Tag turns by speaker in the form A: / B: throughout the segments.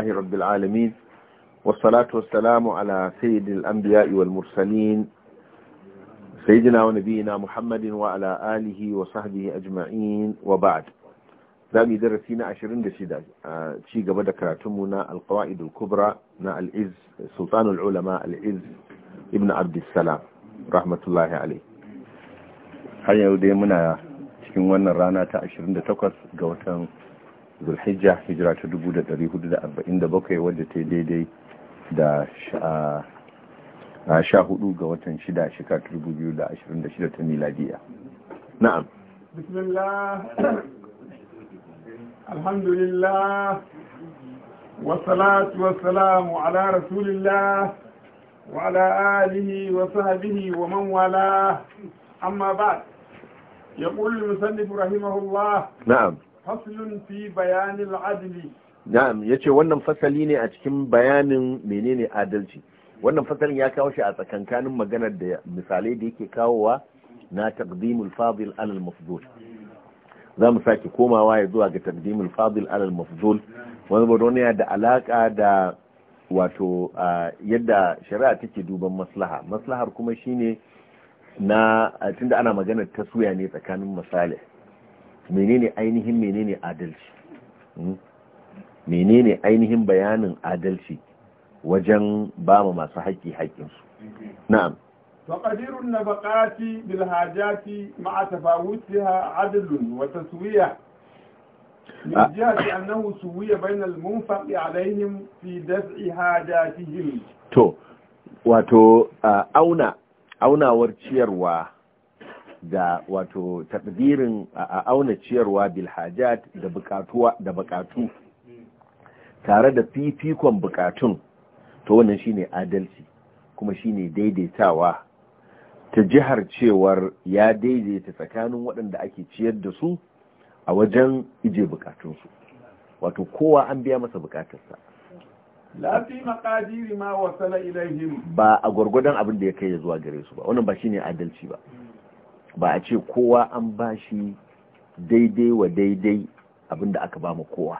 A: الله رب العالمين والصلاة والسلام على سيد الأنبياء والمرسلين سيدنا ونبينا محمد وعلى آله وصحبه أجمعين وبعد دامي درسينا عشرين دسيدة شي قبل كراتمنا القواعد الكبرى نا العز سلطان العلماء العز ابن عبد السلام رحمة الله عليه har yau dai muna cikin wannan rana ta 28 ga watan zulhijja hijira ta 1447 wadda ta daidai da sha hudu ga watan shida shekara 2026 ta miladiya na'am bismillah
B: alhamdulillah wasalatu wasalamu ala rasulillah wa ala alihi wa sahbihi wa man wala amma ba'd يقول المسنف رحمه الله faslun fi bayanin adli
A: na'am yace wannan fasali ne a cikin bayanin menene adalci wannan fasalin ya kawo shi a tsakankanin maganar da misalai da yake kawowa na taqdimul fadil alal mafdul za mu sake komawa ya zuwa ga taqdimul fadil alal mafdul wani wani da alaka da wato yadda shari'a take duban maslaha maslahar kuma shine na tunda ana maganar tasuya ne tsakanin masalih Hmm? menene ainihin bayanin adalci wajen ba mu masu haƙƙi haƙƙinsu na'am
B: faƙadirun na baƙati bilhajati ma'a tafawutiha adalun wata suwiya من جهة أنه سوية بين المنفق عليهم في دفع حاجاتهم
A: تو واتو أونا أونا ورشير واه Da wato tadbirin a auna ciyarwa bilhajat da bukatuwa da bukatu tare da fifikon bukatun to wannan shine adalci kuma shine daidaitawa ta jihar cewar ya daidaita tsakanin waɗanda ake ciyar da su a wajen ije bukatunsu wato kowa an biya masa bukatarsa
B: lafi makadiri ma wasala ilaihim
A: ba a gwargwadon abin da ya kai zuwa gare su ba wannan ba shine adalci ba ba a ce kowa an ba shi daidai wa daidai abinda aka ba mu kowa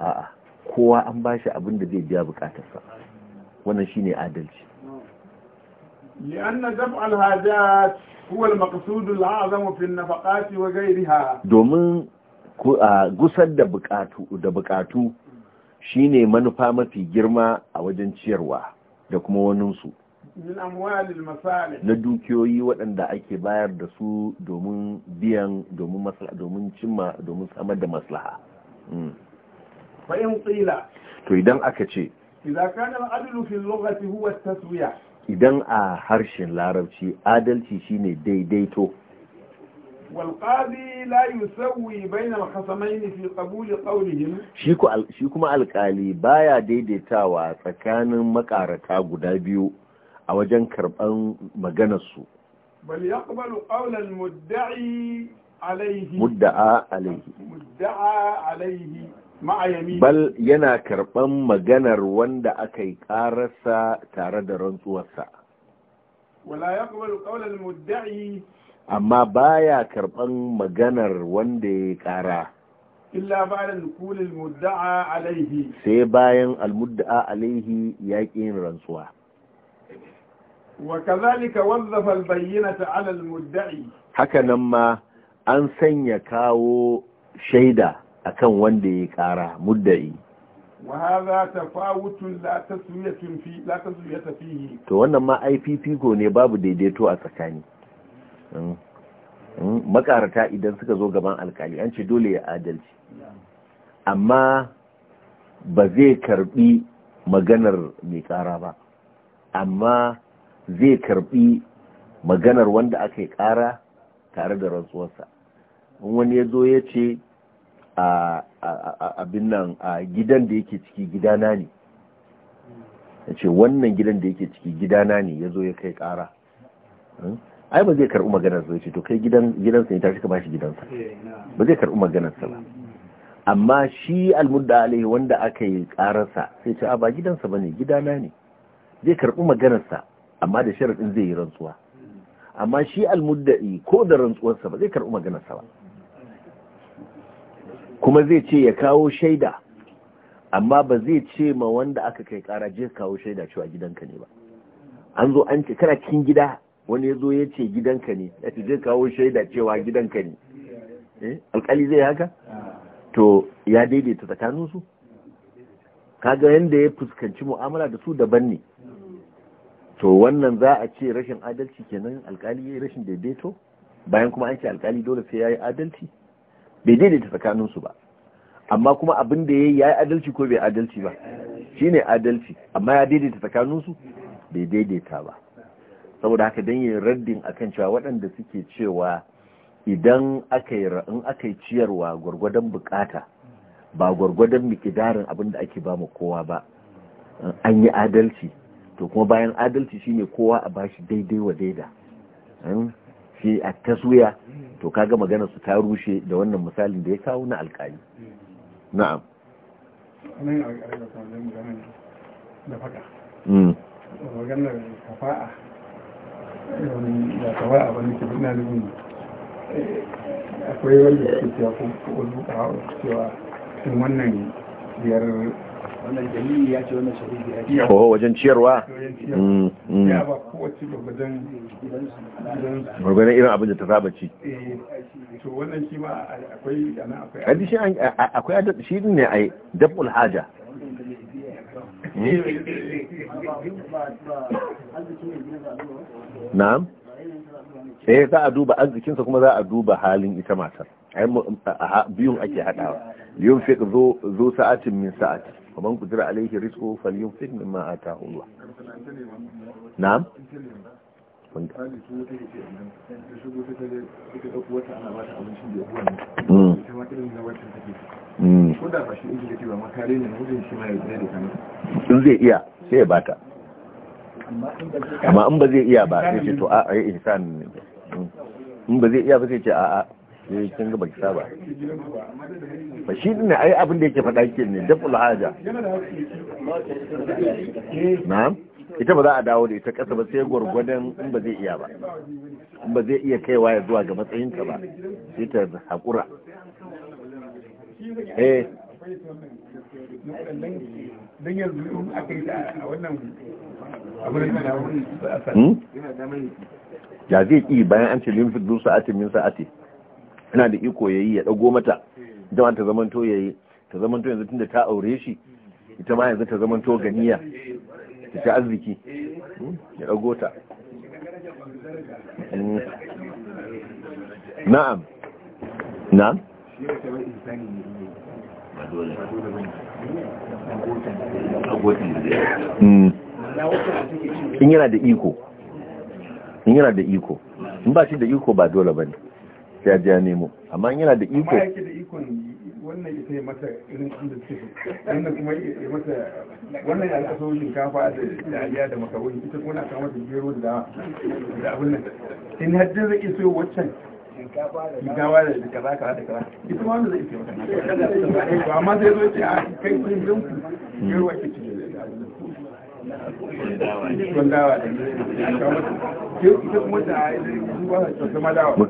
A: a'a kowa an ba shi abinda zai biya bukatarsa wannan shine adalci domin a gusar da bukatu da bukatu shine manufa mafi girma a wajen ciyarwa da kuma waninsu
B: min amwalil masalih na
A: dukiyoyi waɗanda ake bayar da su domin biyan domin maslaha domin cimma domin samar da maslaha mm.
B: fa in qila
A: to idan aka ce
B: idza kana adlu fi lughati huwa at-taswiya
A: idan a harshen larabci adalci shine daidaito
B: wal qadi la yusawi bayna al-khasamayn fi qabul qawlihim
A: shi ku shi kuma alkali baya daidaitawa tsakanin makarata guda biyu a wajen karɓan maganarsu
B: bal yaqbalu qawla al-mudda'i alayhi
A: mudda'a alayhi
B: mudda'a alayhi
A: bal yana karban maganar wanda aka yi ƙararsa tare da rantsuwarsa
B: wala yaqbalu qawla al-mudda'i
A: amma baya karban maganar wanda ya ƙara
B: illa ba'da nukul muddaa alayhi sai
A: bayan al-mudda'a alayhi ya ƙi rantsuwa
B: وكذلك وظف البينة على المدعي
A: hakanan ma an sanya kawo shaida akan wanda ya kara muddai
B: وهذا ta لا تسوية في لا تسوية
A: to wannan ma IPP ko ne babu daidaito a tsakani hmm. Hmm. makarata idan suka zo gaban alkali an ce dole ya adalci amma ba zai karbi maganar mai ƙara ba amma zai karbi maganar wanda aka yi kara tare da rantsuwarsa in wani ya zo ya ce abin nan a gidan da yake ciki gidana ne ya ce wannan gidan da yake ciki gidana ne ya zo ya kai kara hmm? ai ba zai karɓi maganar zai ce to kai gidansa ne shi ka bashi gidansa eh, ba zai karɓi maganar sa ba amma shi almudda alaihi wanda aka yi kararsa sai ce a ba gidansa bane gidana ne zai karɓi maganar sa amma da sharaɗin zai yi rantsuwa amma shi almuddai ko da rantsuwarsa ba zai karɓi maganarsa ba kuma zai ce ya kawo shaida amma ba zai ce ma wanda aka kai ƙara je kawo shaida cewa gidanka ne ba an zo an ce kana cikin gida wani ya zo ya ce gidanka ne ya ce je kawo shaida cewa gidanka ne eh, alƙali zai haka to ya daidaita tsakaninsu kaga yadda ya fuskanci mu'amala da su daban ne to wannan za a ce rashin adalci kenan alkali ya yi rashin daidaito bayan kuma an ce alkali dole sai ya yi adalci bai daidaita tsakaninsu ba amma kuma abin da ya yi adalci ko bai adalci ba shi ne adalci amma ya daidaita tsakaninsu bai daidaita ba saboda haka don yin raddin a kan cewa waɗanda suke cewa idan aka yi in aka yi ciyarwa gwargwadon bukata ba gwargwadon mikidarin abin da ake ba kowa ba an yi adalci to kuma bayan adalci shine kowa a bashi daidai wa daida shi a taswiya to kaga magana su ta rushe da wannan misalin da ya kawo na alkali na'am
B: akwai wanda ke cewa ko duka cewa tun wannan biyar wannan ya wajen
A: ciyarwa mm, mm. ya ba
B: kowace irin
A: abin da ta saba ci
B: eh, to
A: shi ne ai haja hmm? na'am eh za a duba arzikinsa kuma za a duba halin ita matar biyun ake haɗawa biyun fi zo sa'atin min sa'atin faman kudura alaihi rizqu falyunfiq mimma ataahu Allah in zai iya sai ba bata amma in ba zai iya ba sai ce to a'a a ihsan in ba zai iya ba sai ce a a ne eh, kin ga baki saba ba shi din ai abin da yake faɗa yake ne daful haja na'am ita ba za a dawo da ita ƙasa ba sai gwargwadon in ba zai iya ba in ba zai iya kaiwa ya zuwa ga matsayinka ba sai ta
B: eh yanzu wannan abin da
A: ya zai ƙi bayan an ce limfi dusa ati min sa'ati yana da iko yayi ya dago mata ita ma ta zamanto yayi ta zamanto yanzu tunda ta aure shi ita ma yanzu ta zamanto ganiya ta hmm, ta arziki ya dago ta na'am na'am hmm. in yana da iko in yana da iko in ba shi da iko ba dole ba ne sai ya ya nemo amma yana da iko
B: wannan ita ya mata irin inda ce wannan kuma ya mata wannan ya kaso shinkafa da dariya da makaroni ita kuma na kawo mata gero da da abin nan zai iso waccan
A: shinkafa da kaza
B: kaza da kaza ita ma wanda zai iso to amma zo ce a kai kun jin ku gero
A: ake da dawa da mu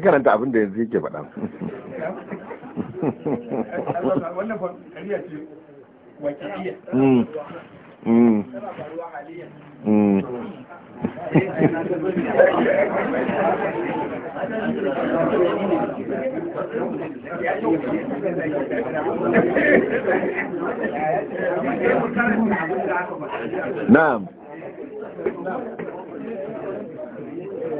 A: karanta abin da yanzu yake faɗa
B: mm. Mm.
A: Mm. na'am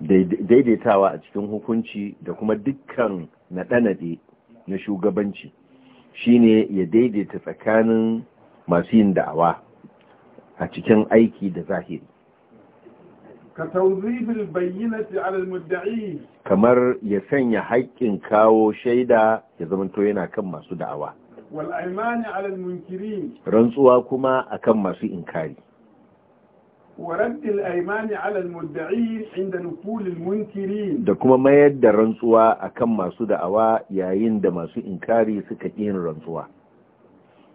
A: daidaitawa a cikin hukunci da kuma dukkan naɗe-naɗe na shugabanci shine ya daidaita tsakanin masu yin da'awa a cikin aiki da zahiri kamar ya sanya haƙƙin kawo shaida ya zamanto yana kan masu da'awa rantsuwa kuma akan masu inkari
B: ورد الأيمان على المدعين عند نفول المنكرين da kuma
A: mayar da rantsuwa akan masu da'awa yayin da masu inkari suka yin rantsuwa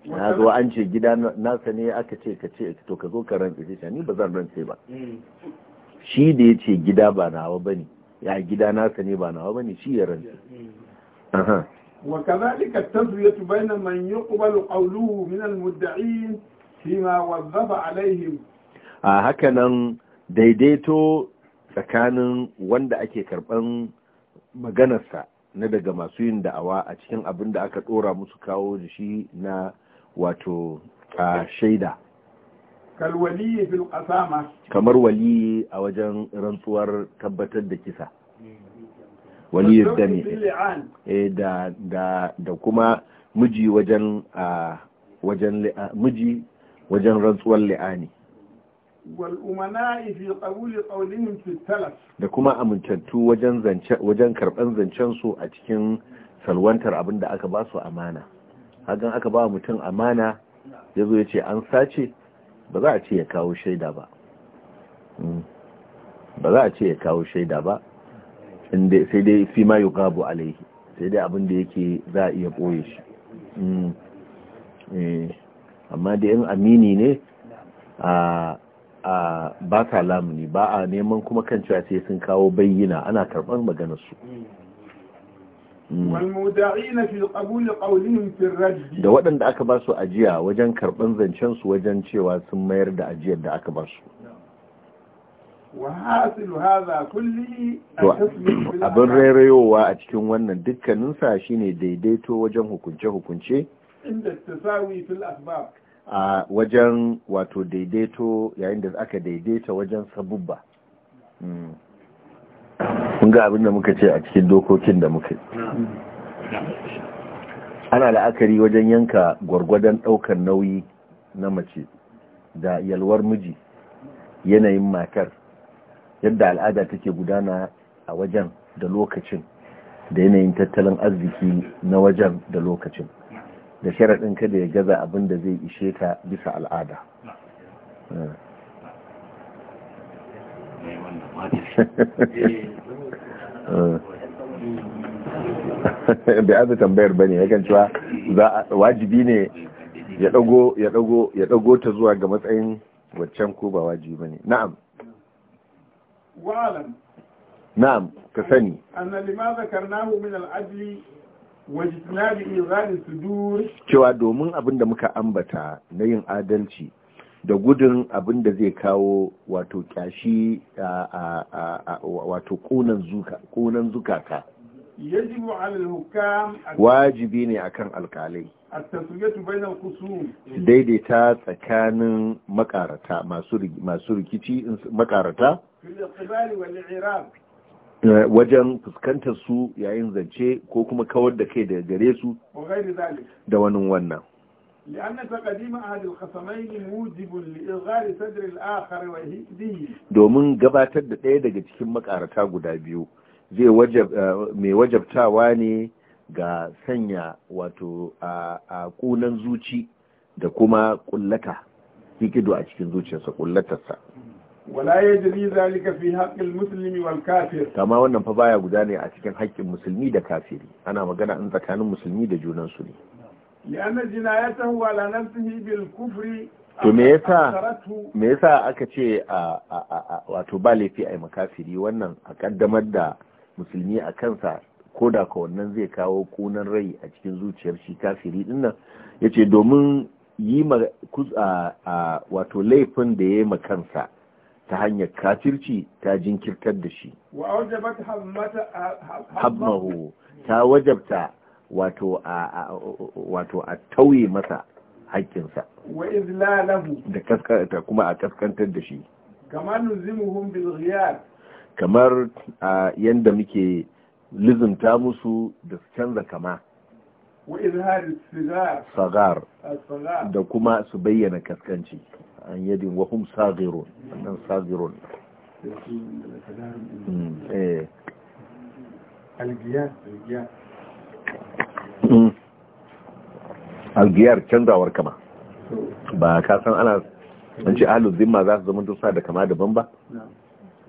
A: na zo an ce gida nasa ne aka ce ka ce to ka zo ka rantsa shi, ni ba zan rantsa ba hmm. shi da ya ce gida ba nawa bane ya gida nasa ne ba nawa bane shi ya
B: rantsa وكذلك التسوية بين من يقبل قوله من المدعين فيما وظف عليهم
A: a haka nan, daidaito tsakanin wanda ake karban maganarsa na daga masu yin da'awa a cikin abin da aka dora musu kawo da shi na wato a shaida kamar waliyi a wajen rantsuwar tabbatar da kisa waliyi eh, da da kuma miji wajen rantsuwar li'ani da kuma amintattu wajen karɓar su a cikin salwantar abin da aka ba su amana hagan aka ba mutum amana ya zo ya ce an sace ba za a ce ya kawo shaida ba hmm. ba za a ce ya kawo shaida ba sai dai fi ma yi gabo alaihi sai dai abin da yake za a iya boye shi hmm. eh, amma dai yin amini ne a a baka lamuni ba a neman kuma kan cewa sai sun kawo bayyana ana karɓar maganar
B: mm.
A: da waɗanda aka ba su ajiya wajen karɓar zancen su wajen cewa sun mayar da ajiyar da aka ba su
B: abin
A: rairayowa a cikin wannan dukkaninsa shine daidaito wajen hukunce-hukunce a wajen wato daidaito yayin da aka daidaita wajen sabubba Mun hmm. ga abin da muka ce a cikin dokokin da muka ana la'akari wajen yanka gwargwadon ɗaukar nauyi na mace da yalwar miji yanayin matar yadda al'ada take gudana a wajen da lokacin da yanayin tattalin arziki na wajen da lokacin da sharaɗin kada ya gaza abin da zai ishe ka bisa al'ada eh. bai aza tambayar bane ya kan cewa wajibi ne ya dago ya dago ya dago ta zuwa ga matsayin waccan ko ba wajibi bane na'am na'am ka sani
B: anna lima zakarnahu min al
A: cewa domin abin da muka ambata na yin adalci da gudun abin da zai kawo wato kyashi wato kunan zukata
B: wajibi
A: ne akan alkalai daidaita tsakanin makarata masu rikici makarata wajen fuskantar su yayin zance ko kuma kawar da kai daga gare su da wani wannan domin gabatar da ɗaya daga cikin makarata guda biyu zai eh, mai wajabtawa ne ga sanya wato a kunan zuci da kuma kullata hikido a cikin zuciyarsa kullatarsa
B: wala ya jiri zalika fi haƙƙin musulmi wal kafir kama
A: wannan fa baya guda ne a cikin haƙƙin musulmi da kafiri ana magana in tsakanin musulmi da junan su ne
B: li'anna jinayatahu su yi bil kufri to me yasa
A: me yasa aka ce a wato ba laifi ai makafiri wannan a kaddamar da musulmi a kansa ko da ka wannan zai kawo kunan rai a cikin zuciyar shi kafiri dinnan yace domin yi ma wato laifin da ya yi kansa ta hanyar kafirci ta jinkirtar da shi
B: habmahu
A: ta wajabta wato a wato a tauye masa haƙƙinsa da kaskanta kuma a kaskantar da shi
B: kamar nuzimuhum bil ghiyar
A: kamar yanda muke lizunta musu da su canza kama
B: wa izhar
A: sagar da kuma su bayyana kaskanci an yadin wa hum sagirun annan sagirun eh algiyar canzawar kama ba ka san ana an ce ahlul zimma za su zama dusa da kama daban ba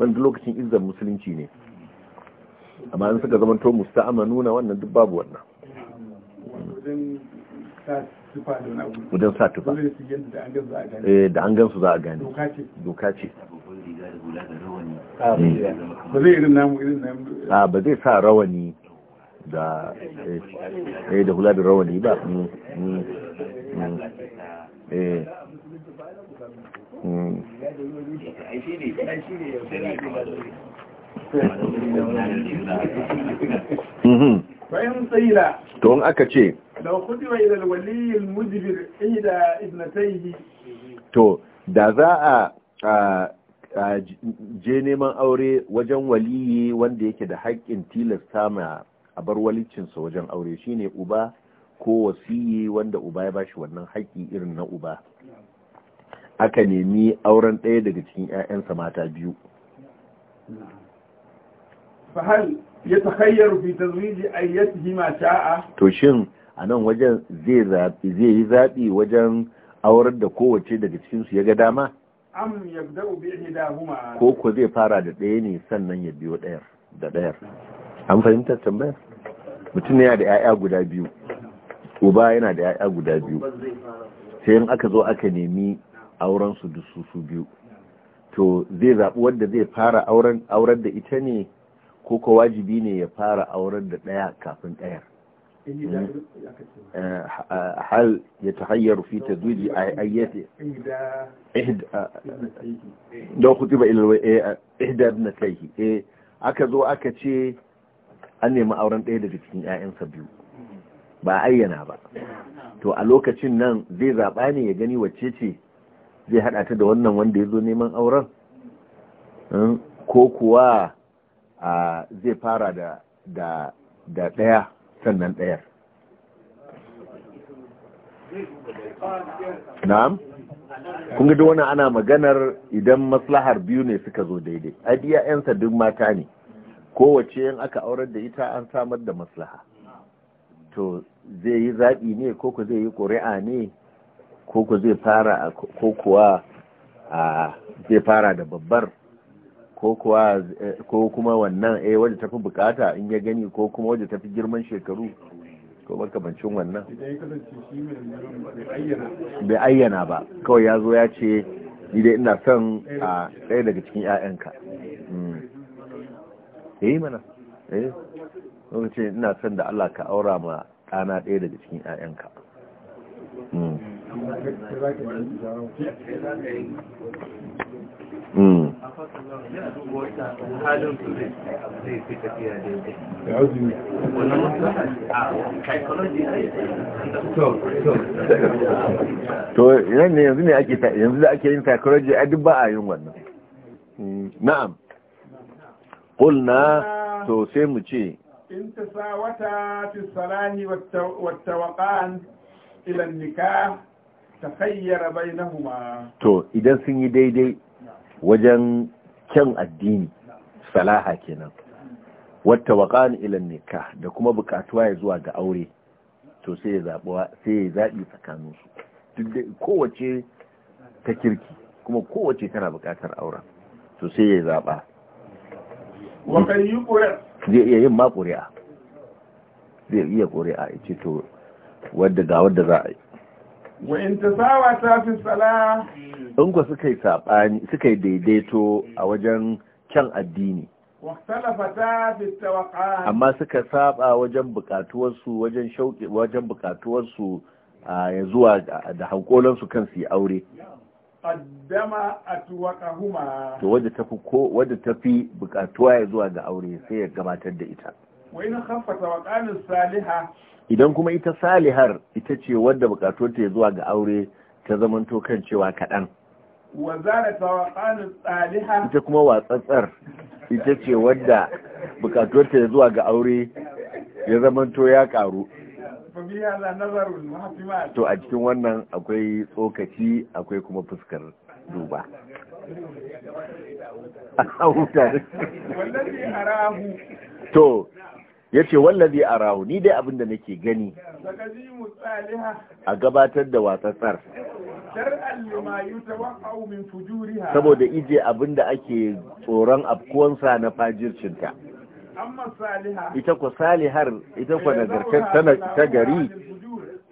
A: wani lokacin izzar musulunci ne amma an suka zama to musta'ama nuna wannan duk babu wannan
B: wajen sa tufa
A: eh, da an gansu za a gane doka ce ba zai sa rawani da eh, eh, hula da rawani ba mm, mm, mm. Mm-hmm. fa'in to aka ce da to da za a je neman aure wajen waliyi wanda yake da haƙƙin tilasta ma a bar walicinsa wajen aure shine uba ko wasiyi wanda uba ya bashi wannan haƙƙi irin na uba aka nemi auren ɗaya daga cikin 'ya'yansa mata biyu
B: ya takhayyaru fi tazwiji ayyatihi ma sha'a
A: to shin a nan wajen zai yi zaɓi wajen aurar da kowace daga cikinsu ya ga dama
B: am yabda'u bi ihdahuma ko ko
A: zai fara da ɗaya ne sannan ya biyo ɗayar da ɗayar an fahimtar tambayar mutum yana da 'ya'ya guda biyu uba yana da 'ya'ya guda biyu sai in aka zo aka nemi auren su su biyu to zai zaɓi wanda zai fara auren da ita ne ko ko wajibi ne ya fara auren da ɗaya kafin ɗayar hmm. eh, hal ya ta hanyar fi duji a ayyate don ba khutiba ila na eh, eh, ibnatayhi eh aka zo aka ce an nemi auren ɗaya daga cikin ƴaƴansa biyu hmm. ba a ayyana ba to a lokacin nan zai zaɓa ne ya gani wacce ce zai haɗa ta da wannan wanda ya zo neman auren hmm. ko kuwa zai fara da ɗaya sannan ɗayar na'am kun ga wannan ana maganar idan maslahar biyu ne suka zo daidai adiya yansa duk mata ne kowace yin aka aurar da ita an samar da maslaha to zai yi zaɓi ne ko zai yi ƙuri'a ne ko zai fara ko kuwa zai fara da babbar ko kuwa ko kuma wannan eh wadda tafi bukata in ya gani ko kuma wadda tafi girman shekaru ko makamancin wannan bai ayyana ba kawai ya zo ya ce ni dai ina son a ɗaya daga cikin 'ya'yanka mm. eh mana eh ce ina son da Allah ka aura ma ɗana ɗaya daga cikin 'ya'yanka mm. Hmm. to yanzu ne ake yanzu da ake yin psychology a duk ba a yin wannan hmm. na'am ƙulna to sai mu ce
B: in ta sa wata fi salahi wata waƙan ilan nika ta hayyara bai na
A: to idan sun yi daidai wajen kyan addini salaha kenan wata waƙan ilan nikah da kuma buƙatuwa ya zuwa ga aure to sai ya zaɓi tsakaninsu kowace ta kirki kuma kowace tana buƙatar aure, to sai ya zaɓa zai iya yin ma ƙuri'a zai iya ƙuri'a ya ce to wadda ga wadda za a yi
B: wa in ta fi tsala
A: in ku suka yi sabani suka yi daidaito a wajen kyan addini amma suka saba wajen bukatuwarsu wajen shauƙi wajen bukatuwarsu ya zuwa da hankolansu kan su yi aure
B: qaddama atwaqahuma to wadda
A: tafi ko wadda tafi bukatuwa ya zuwa ga aure sai ya gabatar da ita
B: wa in wa waqanin salihah
A: idan kuma ita salihar ita ce wadda bukatuwarta ya zuwa ga aure ta zamanto kan cewa kaɗan ita kuma watsatsar ita ce wadda bukatuwarta ya zuwa ga aure ya zamanto ya karu to a cikin wannan akwai tsokaci akwai kuma fuskar duba a to ya ce wallazi a rahu ni dai abinda nake gani a gabatar da watsatsar saboda ije abinda ake tsoron afkuwansa na fajircinta ita ku salihar ita ku nagartar ta gari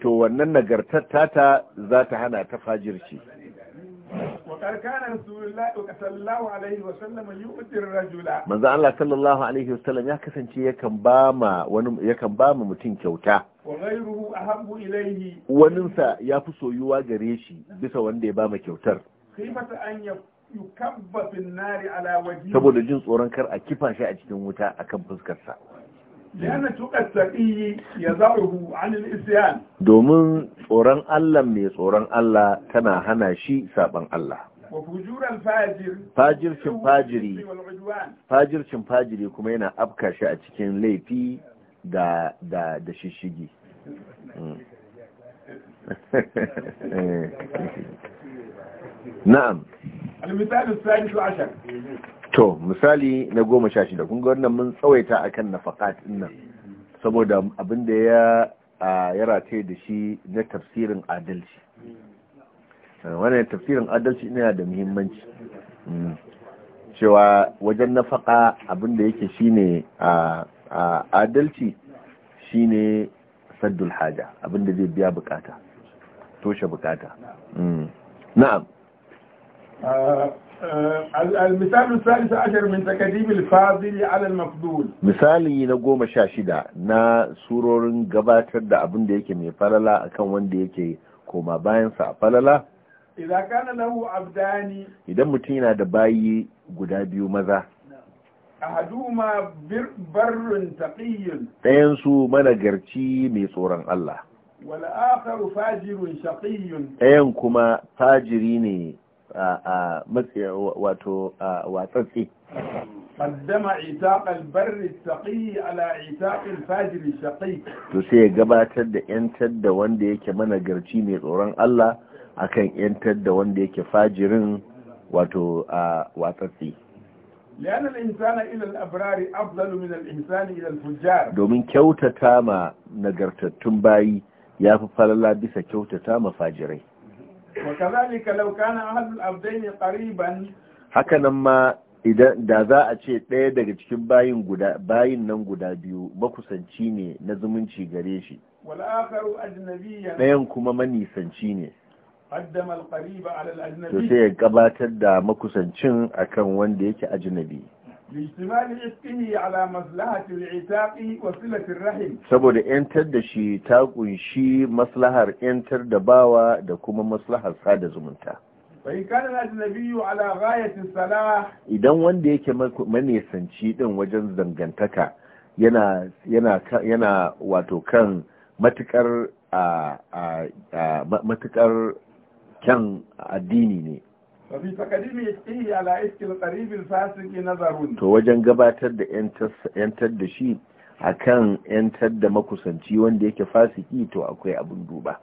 A: to wannan nagartar ta za ta hana ta fajirci manzo Allah sallallahu alaihi wasallam ya kasance yakan ba ma mutum kyauta
B: wa a ahabbu ilaihi.
A: Waninsa ya fi soyuwa gare shi bisa wanda ya ba ma kyautar
B: kifata an yukabba bin nari ala wajhi saboda
A: jin tsoron kar a kifa a cikin wuta akan fuskar sa domin tsoron Allah mai tsoron Allah tana hana shi saban Allah fajircin fajiri fajircin fajiri kuma yana afka shi a cikin laifi da da da shishigi na'am al-misal to misali na goma sha shida kun ga wannan mun tsawaita akan na din nan saboda abin da ya ya da shi na tafsirin adalci wannan tafsirin adalci yana da muhimmanci hmm. cewa wajen nafaka abin da yake ne a adalci shi ne saddul haja abin da zai biya bukata toshe bukata hmm. na'am
B: المثال الثالث عشر من تكذيب الفاضل على المفضول
A: مثالي na goma sha shida na surorin gabatar da abin da yake mai falala akan wanda yake koma bayansa a falala
B: idan kana lahu abdani
A: idan mutum yana da bayi guda biyu maza
B: ahaduhuma barrun taqiyyun
A: dayan su managarci mai tsoron Allah
B: wal akharu fajirun shaqiyyun
A: Ɗayan kuma fajiri ne a matsi wato a watsatsi.
B: Kaddama ita kalbar saƙi ala ita fajiri
A: shaƙi. To sai ya gabatar da ‘yantar da wanda yake mana garci mai tsoron Allah akan ‘yantar da wanda yake fajirin wato a watsatsi.
B: Liyanar insana ilal abirari afzalu min al insani ilal fujjar.
A: Domin kyautata ma nagartattun bayi ya fi falala bisa kyautata ma fajirai. hakanan ma idan da za a ce ɗaya daga cikin bayin guda bayin nan guda biyu makusanci ne na zumunci gare shi ɗayan kuma manisanci ne to sai ya gabatar da makusancin akan wanda yake ajnabi
B: lijtimali iskihi ala maslahati al'itaqi wa silati rahim
A: saboda yantar da shi ta kunshi maslahar yantar da bawa da kuma maslahar sada zumunta idan wanda yake manesanci ɗin wajen zangantaka yana wato kan matukar a matukar kyan addini ne
B: ya takadimi ihi ala iskil qaribin fasiki nazarun. To
A: wajen gabatar da yantar da shi a kan yantar da makusanci wanda yake fasiki to akwai abin duba.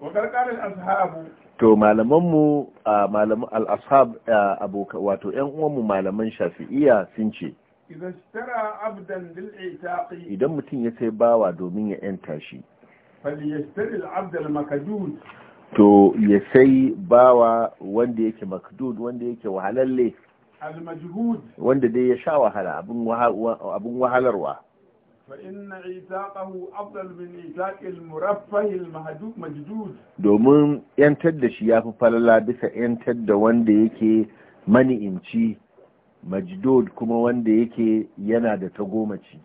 A: ƙarƙarin Wa karkarin ashabu to malamanmu malaman al'ashab abokan wato ‘yan uwanmu malaman shafi'iya sun ce idan mutum ya sai bawa domin ya ‘yanta shi to ya sai bawa wanda yake makdud wanda yake wahalalle wanda dai ya sha wahala abin wahalarwa domin yantar da shi ya fi falala bisa yantar da wanda yake mani'imci majdud kuma wanda yake yana da tagomaci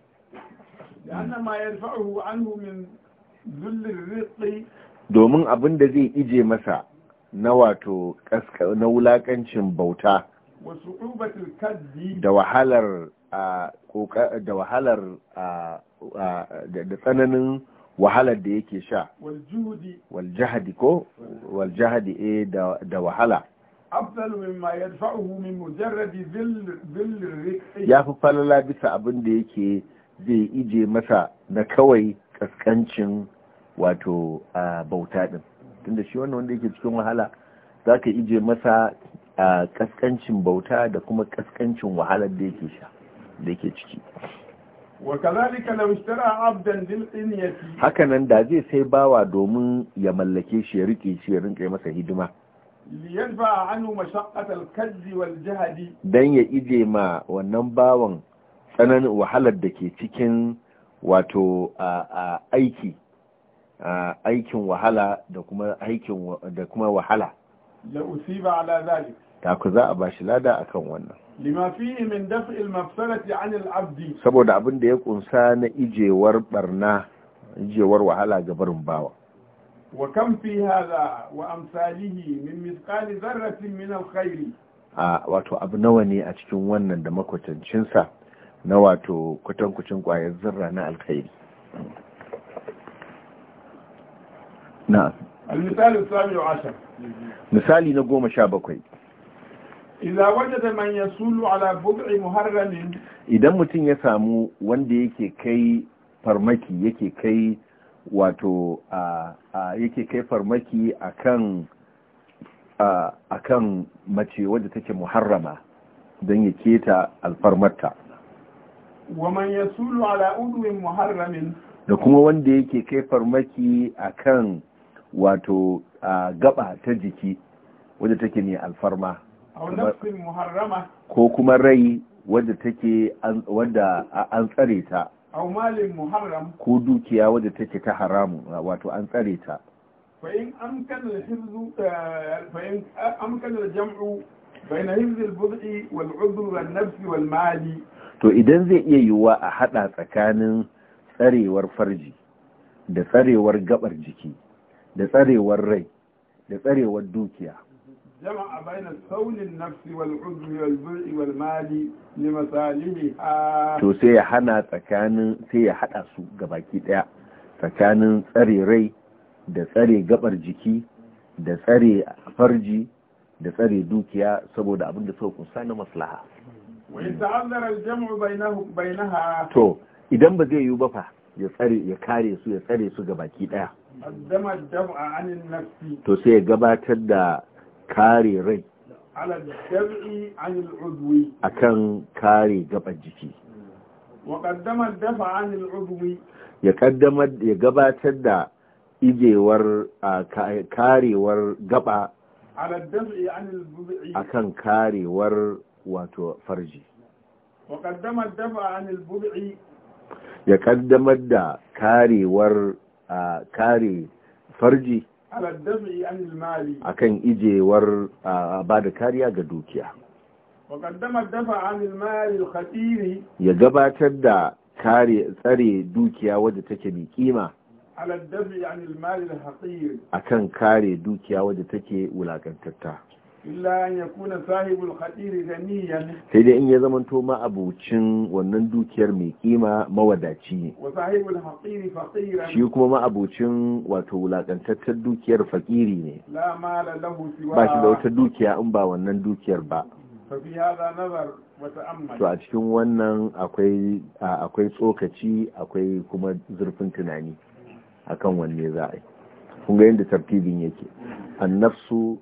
A: domin abin da zai ije masa na wato na wulakancin bauta da wahalar da wahalar da tsananin wahalar da yake sha waljahadi ko waljahadi eh da wahala
B: mimma yadfa'uhu min ya fi
A: falala bisa abin da yake zai ije masa na kawai kaskancin wato bauta din tunda shi wannan wanda yake cikin wahala za ka ije masa a kaskancin bauta da kuma kaskancin wahalar da yake sha da yake ciki
B: law ishtara abdan haka
A: nan da zai sai bawa domin ya mallake shi ya rike shi ya rinka masa hidima
B: liyanfa anhu mashaqqat al-kadh wal jahd
A: dan ya ije ma wannan bawan tsananin wahalar da ke cikin wato aiki aikin wahala da kuma aikin da kuma wahala
B: la usiba ala zalik
A: ta ku za a bashi lada akan wannan
B: lima fihi min daf'il mafsalati an al saboda
A: abin da ya kunsa na ijewar barna ijewar wahala ga barin bawa
B: wa kam fi hada wa amsalihi min mithqali dharratin min al
A: a wato abu nawa ne a cikin wannan da makwatancinsa na wato kutankucin kwayar zarra na alkhairi na
B: misali sami ashar
A: misali na goma sha bakwai
B: idan wajada man sulu ala bugi muharramin
A: idan mutum ya samu wanda yake kai farmaki yake kai wato a yake kai farmaki akan akan mace wadda take muharrama don ya keta alfarmarta
B: waman yasulu ala udwin muharramin
A: da kuma wanda yake kai farmaki akan wato gaba ta jiki wadda take mai alfarma ko kuma rai wadda take wadda an tsare ta ko dukiya wadda take ta haramu wato an tsare ta
B: fa'in jam'u bai na wal nafsi wal mali
A: to idan zai iya yiwuwa a hada tsakanin tsarewar farji da tsarewar gabar jiki da tsarewar rai da tsarewar dukiya
B: jama'a bainar saunin nafsi wal uzmi wal bu'i wal mali li masalihiha to sai ya
A: hana tsakanin sai ya hada su gabaki daya tsakanin tsare rai da tsare gabar jiki da tsare farji da tsare dukiya saboda abin da suka kunsa na maslaha
B: wai ta'azzara al-jam'u bainahu bainaha
A: to idan ba zai yiwu ba fa ya tsare ya kare su ya tsare su gabaki daya to sai ya gabatar da kare rai a kan kare gaban jiki ya gabatar da ijewar karewar gaba a kan karewar wato farji ya kaddamar da karewar A kare farji kan ijewar ba da kariya ga dukiya ya gabatar da kare tsare dukiya wadda take mai kima akan kare dukiya wadda take wulakantatta
B: illa an sahibul ganiyan
A: sai dai in ya to ma abucin wannan dukiyar mai kima mawadaci ne wa
B: sahibul haqiri faqiran shi kuma
A: ma abucin wato wulakantattar dukiyar fakiri ne
B: la mala lahu siwa ba shi da wata
A: dukiya in ba wannan dukiyar ba
B: fa fi hadha nazar to a
A: cikin wannan akwai akwai tsokaci akwai kuma zurfin tunani akan wanne za a yi kun ga yadda tartibin yake annafsu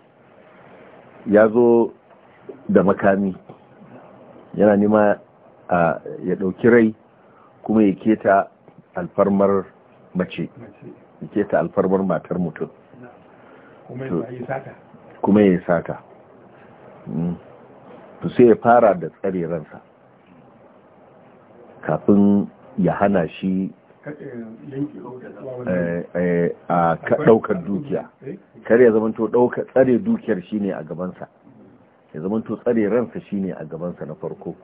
A: ya zo da makami yana nima ya ɗauki rai kuma ya keta alfarmar mace ya keta alfarmar matar mutum kuma ya yi sata mm. to sai ya fara da tsare ransa kafin ya hana shi Eh, eh, a ɗaukar dukiya eh? kare ya zamanto ɗaukar tsare dukiyar shine a gabansa ya zamanto tsare ransa shine a gabansa na farko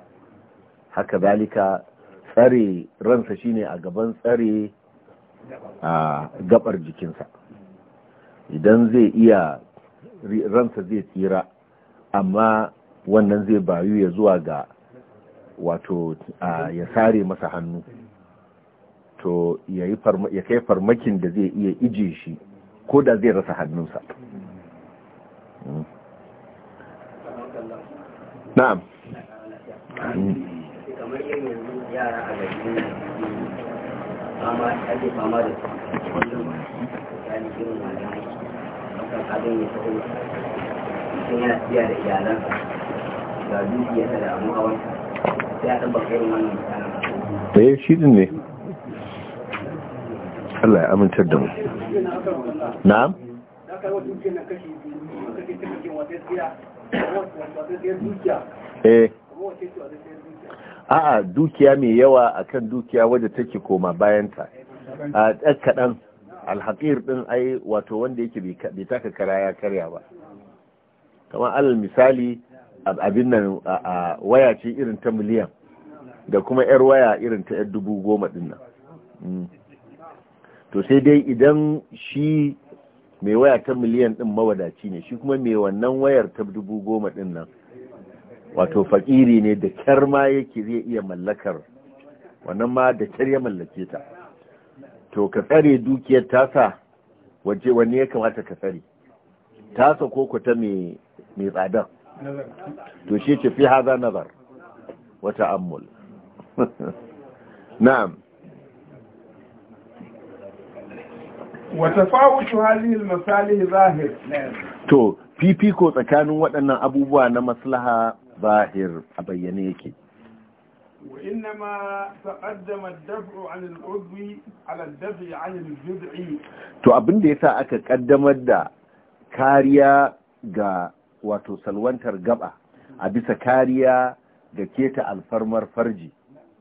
A: haka zalika tsare ransa shine a gaban tsare a gabar jikinsa idan zai iya ransa zai tsira amma wannan zai bayu ya zuwa ga wato ya sare masa hannu to ya kai farmakin da zai iya ije shi ko da zai rasa hannunsa hmm. na'am kamar yin yara a ake fama da yana da iyalansa da damuwa wata ya taba kai wannan mutanen da ya shi ne Allah ya amintar da mu na'am eh a'a dukiya mai yawa akan dukiya wadda take koma bayanta a kaɗan alhaƙir ɗin ai wato wanda yake bai taka kara ya karya ba kamar alal misali abin nan waya ce irin ta miliyan da kuma 'yar waya irin ta 'yar dubu goma ɗin nan mm. to sai dai idan shi mai waya ta miliyan ɗin mawadaci ne shi kuma mai wannan wayar ta dubu goma ɗin nan wato fakiri ne da kyar ma yake zai iya mallakar wannan ma da kyar ya mallake ta to ka tsare dukiyar tasa waje wanne ya kamata ka tsare tasa ko ku ta mai tsada. to shi ce fi haza nazar wata ammul na'am
B: wata halin misali zahir
A: to fifiko tsakanin waɗannan abubuwa na maslaha zahir a bayyane yake
B: وإنما تقدم الدفع عن العضو على الدفع عن
A: to abin da sa aka kaddamar da kariya ga wato salwantar gaba a bisa kariya ga keta alfarmar farji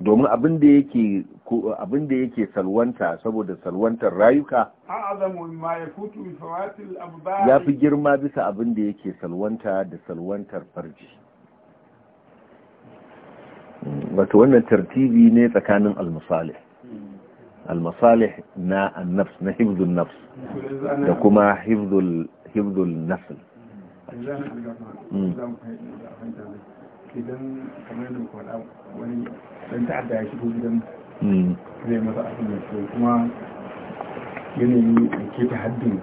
A: domin abin da yake abin da yake salwanta saboda salwantar rayuka ya fi girma bisa abin da yake salwanta da salwantar farji hmm, wato wannan tartibi ne tsakanin almasalih almasalih na annafs na hifzul nafs da kuma hifzul nafs
B: hmm. hmm. idan kamar yadda muka faɗa wani dan ta'adda ya shigo gidan hmm. zai masa abin da ke kuma yanayi da ke ta haddin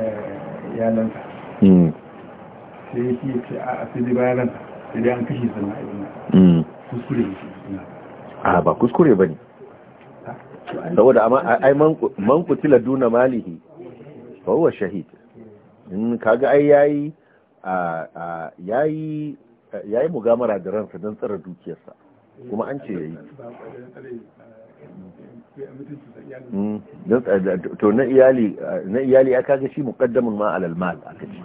B: eh, yalansa hmm. sai ya fiye ce a sai dai bayan ransa sai dai an kashe sana a yana
A: hmm. kuskure ya ce a ba kuskure ba ne saboda ai man kutila duna malihi ba huwa shahid in kaga ai yayi a yayi ya yi mugamara da ransa don tsara dukiyarsa eh, kuma an ce ya yi eh, eh, hmm. to na iyali ya kaga shi muqaddamun ma alal mal aka ce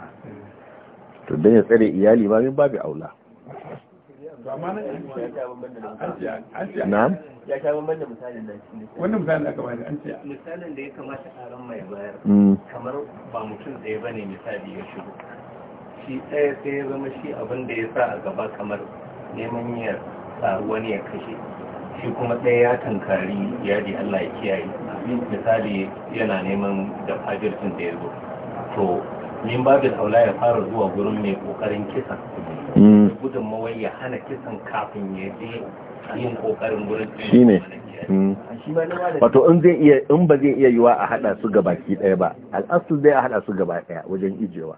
A: to dan ya tsare iyali ma min babu aula na'am ya sha bamban da misalin da wannan misalin da aka bayar an ce misalin da ya kamata a ran mai bayar hmm. kamar ba mutum tsaye bane misali ya shigo Shi ɗaya sai ya zama shi abin da ya sa a gaba kamar neman ya saru wani ya kashe shi kuma ɗaya ya tankari yadi Allah ya kiyaye misali yana neman da fajircin da ya zo to min babin aula ya fara zuwa gurin mai kokarin kisan hmm. gudun mawai ya hana kisan kafin ya je yin kokarin gurin shi ne hmm. wato in zai iya in ba zai iya yiwa a hada su gaba ki daya ba al'asu zai a hada su gaba daya wajen ijewa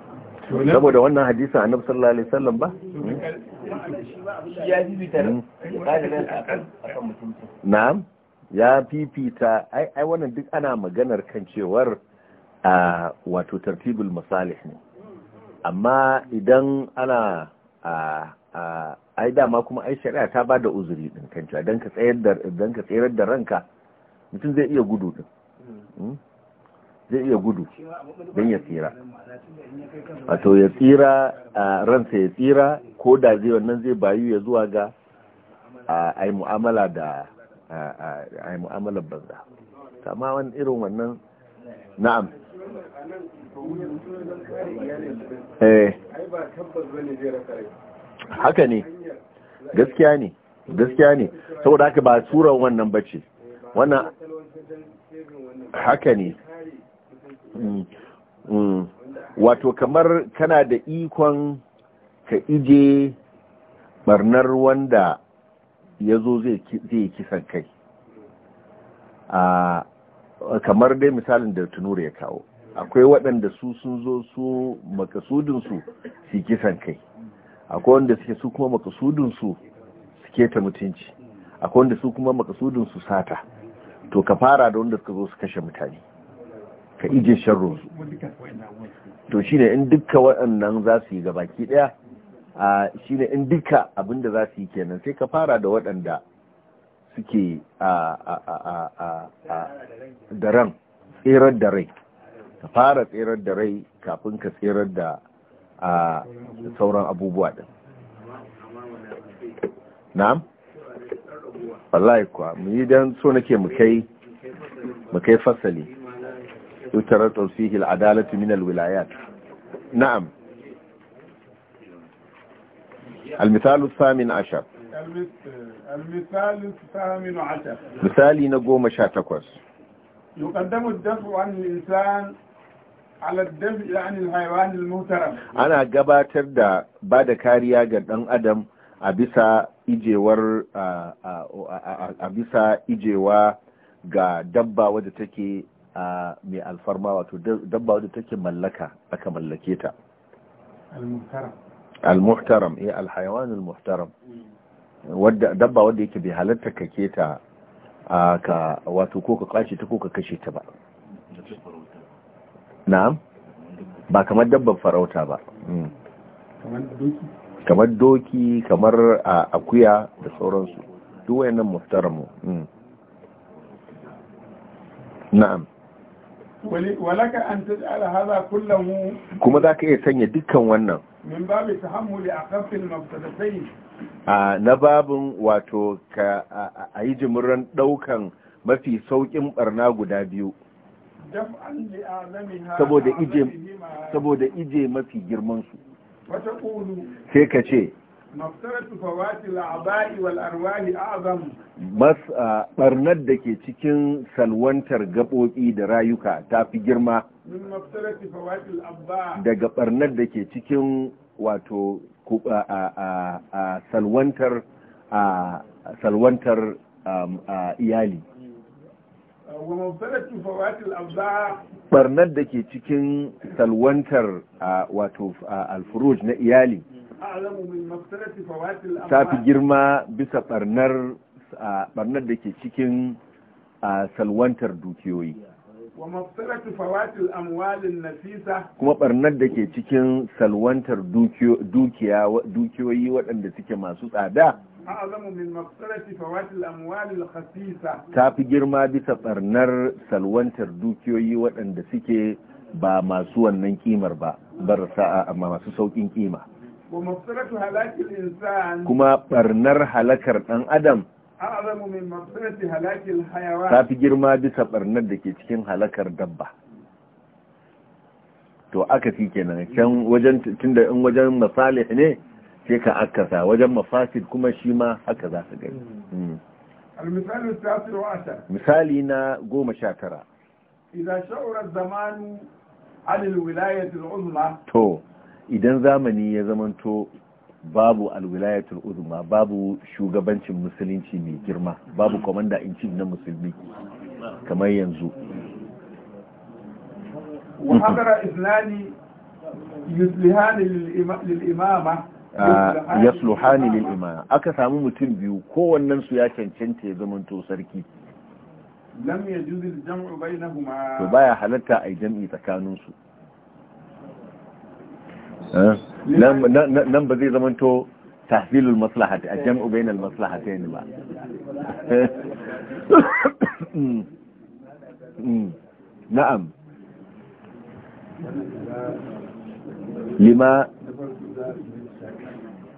A: saboda wannan hadisin a lalai sallan ba hmm. na'am ya fifita ai wannan duk ana maganar kan cewar a wato tartibul masalih ne amma idan ana a a ai dama kuma ai shari'a ta bada uzuri din kan cewa dan da ka tsayar da ranka mutum zai iya gudu din hmm. zai iya gudu don ya tsira wato ya tsira a ransa ya tsira ko da zai wannan zai bayu ya zuwa ga a yi mu'amala da a yi mu'amalar banza kama wani irin wannan na'am eh. haka ne gaskiya ne gaskiya ne saboda haka ba tsura wannan bace wannan haka ne Mm. Mm. wato kamar kana da ikon ka ije barnar wanda ya zo zai kisan kai kamar dai misalin da tunure ya kawo akwai waɗanda su sun zo su makasudinsu su kisan kai akwai wanda suke su kuma makasudinsu su keta mutunci akwai wanda su kuma makasudinsu sata to ka fara da wanda suka zo su kashe mutane ka ije sharrin su to ne in dukka waɗannan za su yi gabaki ɗaya a ne in duka abinda za su yi kenan sai ka fara da waɗanda suke a da ran tserar da rai ka fara tserar da rai kafin ka tserar da sauran abubuwa din na'am wallahi kuwa mu yi don so nake mu kai fasali يترتب فيه العدالة من الولايات نعم المثال الثامن عشر
B: المثال الثامن عشر
A: مثالي نقوم شاتكوس
B: يقدم الدفع عن الإنسان على الدفع عن الحيوان المهترم
A: أنا قباتر دا بعد كاريا قد أن أدم أبسا إجيور أبسا إجيوا ga dabba wadda take a mai alfarma wato dabba wadda take mallaka aka mallake ta al-muhtaram eh al-hayawan al-muhtaram wadda dabba wadda yake bai halatta kake ta ka wato ko ka kwace ta ko ka kashe ta ba na'am ba kamar dabban farauta ba hmm. kamar doki kamar akuya da sauransu duk wayannan muhtaramu hmm. na'am
B: walaka an
A: ka iya sanya dukkan wannan min na babin wato ka a yi jimuran daukan mafi saukin barna guda biyu saboda ije mafi girman su sai ka ce
B: mafsaratu fawati al wal arwahi a'zam
A: bas barnar da ke cikin salwantar gabobi da rayuka ta fi girma
B: daga barnar
A: da ke cikin wato salwantar salwantar iyali barnar da ke cikin salwantar wato alfuruj na iyali ta fi girma bisa barnar barnar da ke cikin salwantar dukiyoyi kuma barnar da ke cikin salwantar dukiyoyi waɗanda suke masu tsada ta fi girma bisa barnar salwantar dukiyoyi waɗanda suke ba masu wannan kimar ba bar sa'a amma masu sauƙin kima kuma barnar halakar ɗan adam ta fi girma bisa barnar da ke cikin halakar dabba to aka fi kenan can wajen tunda in wajen masalih ne sai ka akasa wajen mafasid kuma shi ma haka za su gani misali hmm. na goma sha tara to idan zamani ya zamanto babu alwilayatul uzma babu shugabancin musulunci mai girma babu komanda in ci na musulmi kamar yanzu
B: وحضر إثنان يصلحان للإمامة yasluhani lil
A: imama aka samu mutum biyu kowannen su ya cancanta ya zama to sarki
B: lam yajuzu al jam'u bainahuma to baya
A: halatta ai jam'i tsakanin su nan ba zai zamanto tahzilul maslahati a jam'u bainal maslahatayn ba na'am lima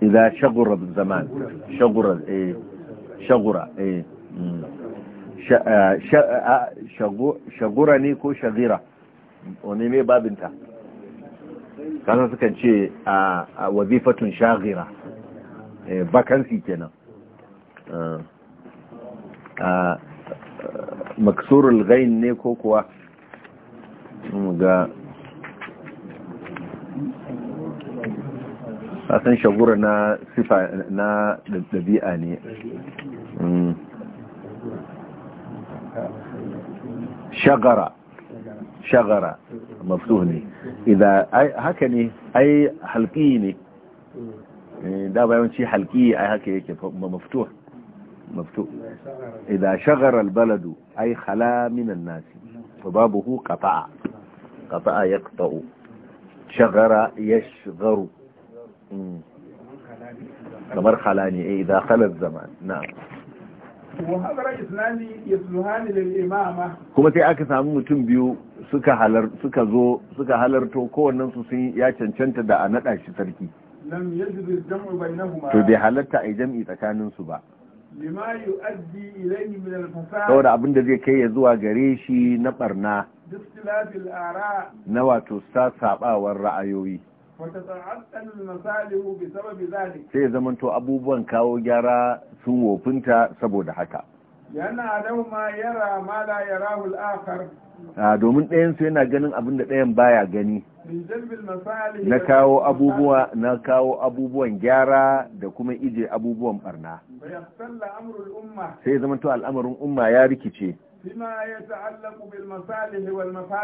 A: idza shagura zaman shagura eh shagura eh shagura ne ko shagira wani ne babinta kasan sukan ce a wazifatun shagira bakansi eh, kenan eh, maksurul gain ne ko kuwa ga kasan shagura na sifa na ɗabi'a ne hmm. shagara شغرة مفتوحني إذا هكني أي حلقيني يعني دا بيون شي حلقي أي هكي مفتوح مفتوح إذا شغر البلد أي خلا من الناس فبابه قطع قطع يقطع شغر يشغر أمم كمر خلاني إيه، إذا خل الزمان نعم kuma sai aka samu mutum biyu suka halarto kowannen su sun ya cancanta da a naɗa shi sarki to bai halarta a jam'i tsakanin su ba saboda abin da zai kai ya zuwa gare shi na barna na wato sa sabawar ra'ayoyi sai to abubuwan kawo gyara sun wofinta saboda haka
B: yana adam ma yara ma la ya al-akhar
A: a domin ɗayan su yana ganin abin da ɗayan baya gani
B: na kawo abubuwa na
A: kawo abubuwan gyara da kuma ije abubuwan barna sai to al'amarin umma ya rikice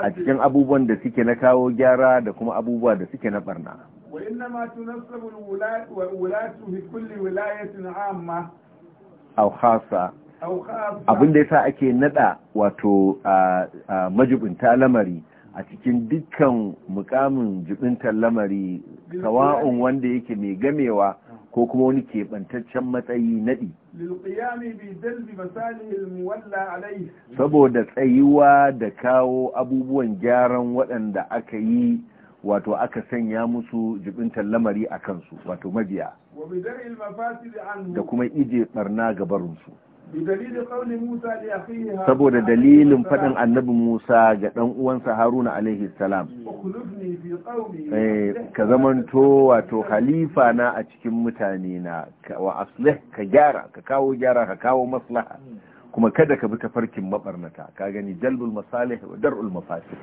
B: a cikin abubuwan
A: da suke na kawo gyara da kuma abubuwa da suke na barna abin da yasa ake nada wato majibinta lamari a cikin dukkan mukamin jibintar lamari sawa'un wanda yake mai gamewa ko kuma wani keɓantaccen matsayi naɗi saboda tsayuwa da kawo abubuwan gyaran waɗanda aka yi wato aka sanya musu jibintar lamari a kansu wato mabiya da kuma ije ɓarna ga barinsu.
B: saboda dalilin faɗin annabi
A: Musa ga ɗan uwansa Haruna alaihi salam eh, ka zamanto wato khalifa na a cikin mutane na wa aslih ka gyara ka kawo gyara ka kawo maslaha kuma kada ka bi tafarkin mabarnata ka gani jalbul masalih wa dar'ul mafasid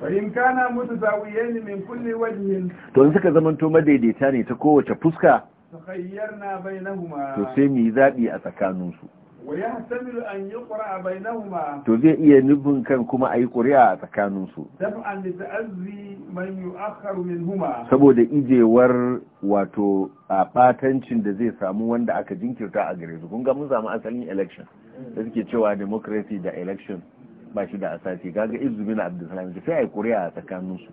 A: fahim kana
B: mutazawiyaini min kulli wajhin
A: to in suka zamanto madaidaita ne ta kowace fuska
B: تخيرنا بينهما to sai
A: mu zabi a tsakaninsu.
B: su wa yahtamilu an yuqra bainahuma to
A: zai iya nubin kan kuma ayi ƙuri'a a tsakaninsu. su
B: daf'an ta'azzi man yu'akhkharu minhuma saboda
A: ijewar wato a batancin da zai samu wanda aka jinkirta a gare su kun ga mun samu asalin election da suke cewa democracy da election ba shi da asasi kaga izumin abdulsalam da sai a yi ƙuri'a a tsakaninsu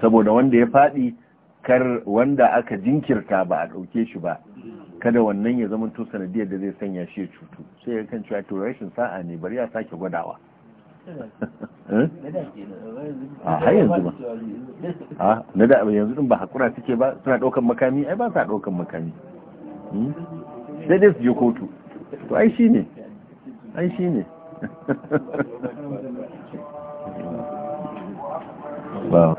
A: saboda wanda ya fadi. kar wanda aka jinkirta ba a ɗauke shi ba kada wannan ya zama to sanadiyar da zai sanya shi ya cutu sai ya kan cewa to rashin sa'a ne bari ya sake gwadawa eh? a har yanzu ba a na da yanzu din ba hakura suke ba suna ɗaukan makami ai ba sa ɗaukan makami hmm? sai dai su je kotu to ai shi ne ai shi ne
B: ba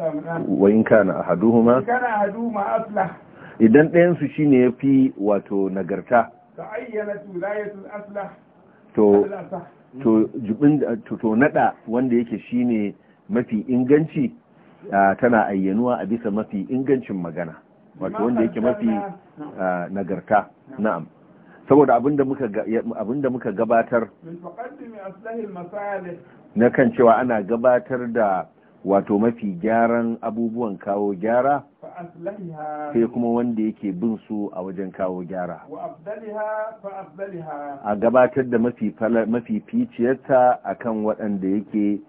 B: wa
A: in kana ahaduhuma
B: kana ahaduhuma aslah
A: idan ɗayan su shine yafi wato nagarta
B: ta'ayyanat wilayatul aslah to to
A: jibin to nada wanda yake shine mafi inganci tana ayyanuwa a bisa mafi ingancin magana wato wanda yake mafi nagarta na'am saboda abinda muka gabatar na kan cewa ana gabatar da wato mafi gyaran abubuwan kawo gyara sai kuma wanda yake bin su a wajen kawo gyara a gabatar da mafi ficiyarta a kan waɗanda yake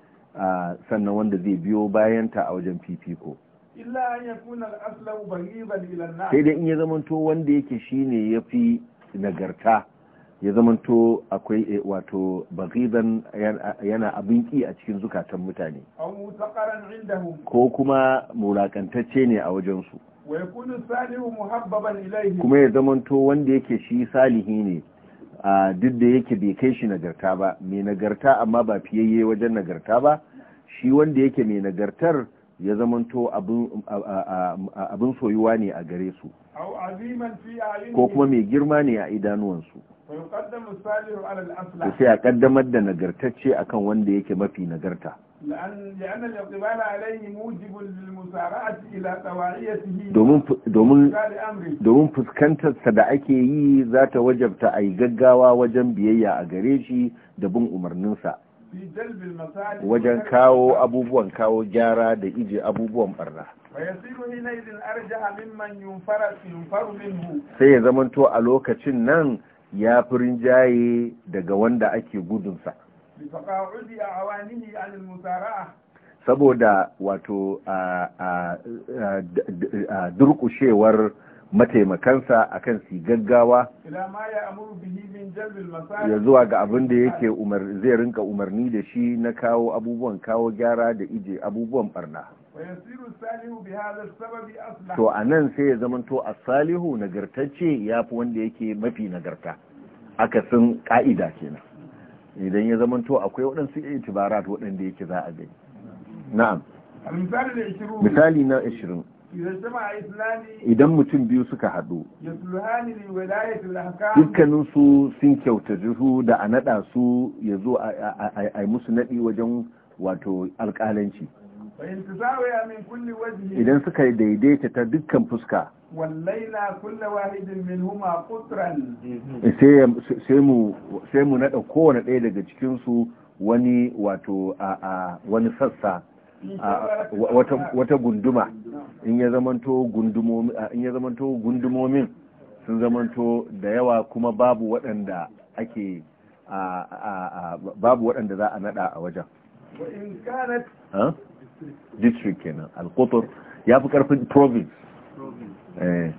A: sannan wanda zai biyo bayanta a wajen fifiko sai dai in ya zamanto wanda yake shine ya fi nagarta ya zamanto akwai eh, wato bagidan yana abin ki a cikin zukatan mutane ko kuma mulakantacce ne a wajensu kuma ya zamanto wanda yake shi salihi ne a duk da yake bai kai shi nagarta ba mai nagarta amma ba fiyayye wajen nagarta ba shi wanda yake mai nagartar ya zamanto abin soyuwa ne a gare su ko kuma mai girma ne a idanuwansu sai a kaddamar da nagartacce akan wanda yake mafi nagarta domin fuskantarsa da ake yi za ta wajabta a yi gaggawa wajen biyayya a gare shi da bin umarninsa
B: wajen kawo
A: abubuwan kawo gyara da ije abubuwan barna sai ya zamanto a lokacin nan ya fi jaye daga wanda ake gudunsa saboda wato a durkushewar mataimakansa akan su gaggawa
B: ya zuwa ga abin da yake
A: zai rinka umarni da shi na kawo abubuwan kawo gyara da ije abubuwan barna to a nan sai ya zamanto a salihu nagartacce ya fi wanda yake mafi nagarta akasin ka'ida kenan idan ya zamanto akwai waɗansu itibarat waɗanda yake za a gani na'am misali na 20 idan mutum biyu suka haɗu dukkaninsu sun kyauta jihu da a naɗa su ya zo a musu naɗi wajen wato alƙalanci idan suka yi daidaita ta dukkan fuska kulla sai mu naɗa kowane ɗaya daga cikinsu wani wato a wani sassa wata gunduma in ya zamanto gundumomin sun zamanto da yawa kuma babu waɗanda ake babu waɗanda za a nada a wajen district kenan alkotor ya fi ƙarfin province eh.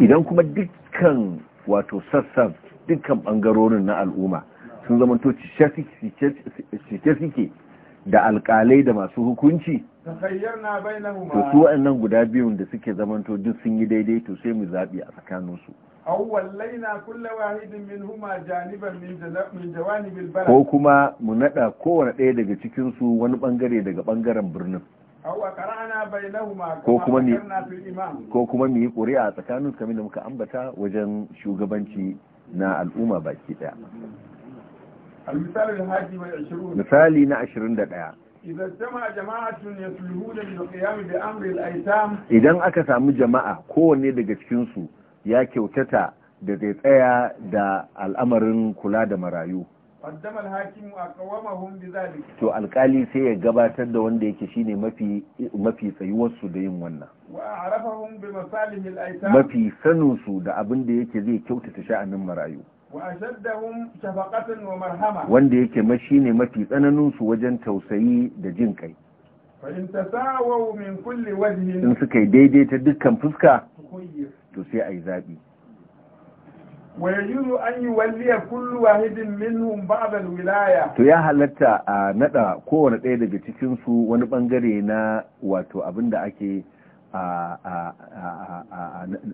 A: idan kuma dukkan wato sassan dukkan ɓangarorin na al'umma sun to cike suke da alkalai da masu hukunci
B: to su
A: wa'annan guda biyun da suke to duk sun yi daidai to sai mu zaɓi a tsakaninsu ko kuma mu naɗa kowane ɗaya daga cikinsu wani ɓangare daga ɓangaren birnin ko kuma mu yi ƙuri'a tsakanin kamar da muka ambata wajen shugabanci na al'umma baki ɗaya misali na 21 idan aka samu jama'a kowanne daga cikinsu ya kyautata da zai tsaya da al'amarin kula da marayu to alkali sai ya gabatar da wanda yake shine mafi mafi tsayuwarsu da yin wannan mafi saninsu da abin da yake zai kyautata sha'anin marayu wanda yake ma ne mafi tsananin su wajen tausayi da jin kai in suka yi daidai ta dukkan fuska to sai a yi zaɓi
B: ويجوز أن walliya كل واحد منهم بعض wilaya. to
A: ya halatta a naɗa kowane ɗaya daga cikin su wani bangare na wato abinda ake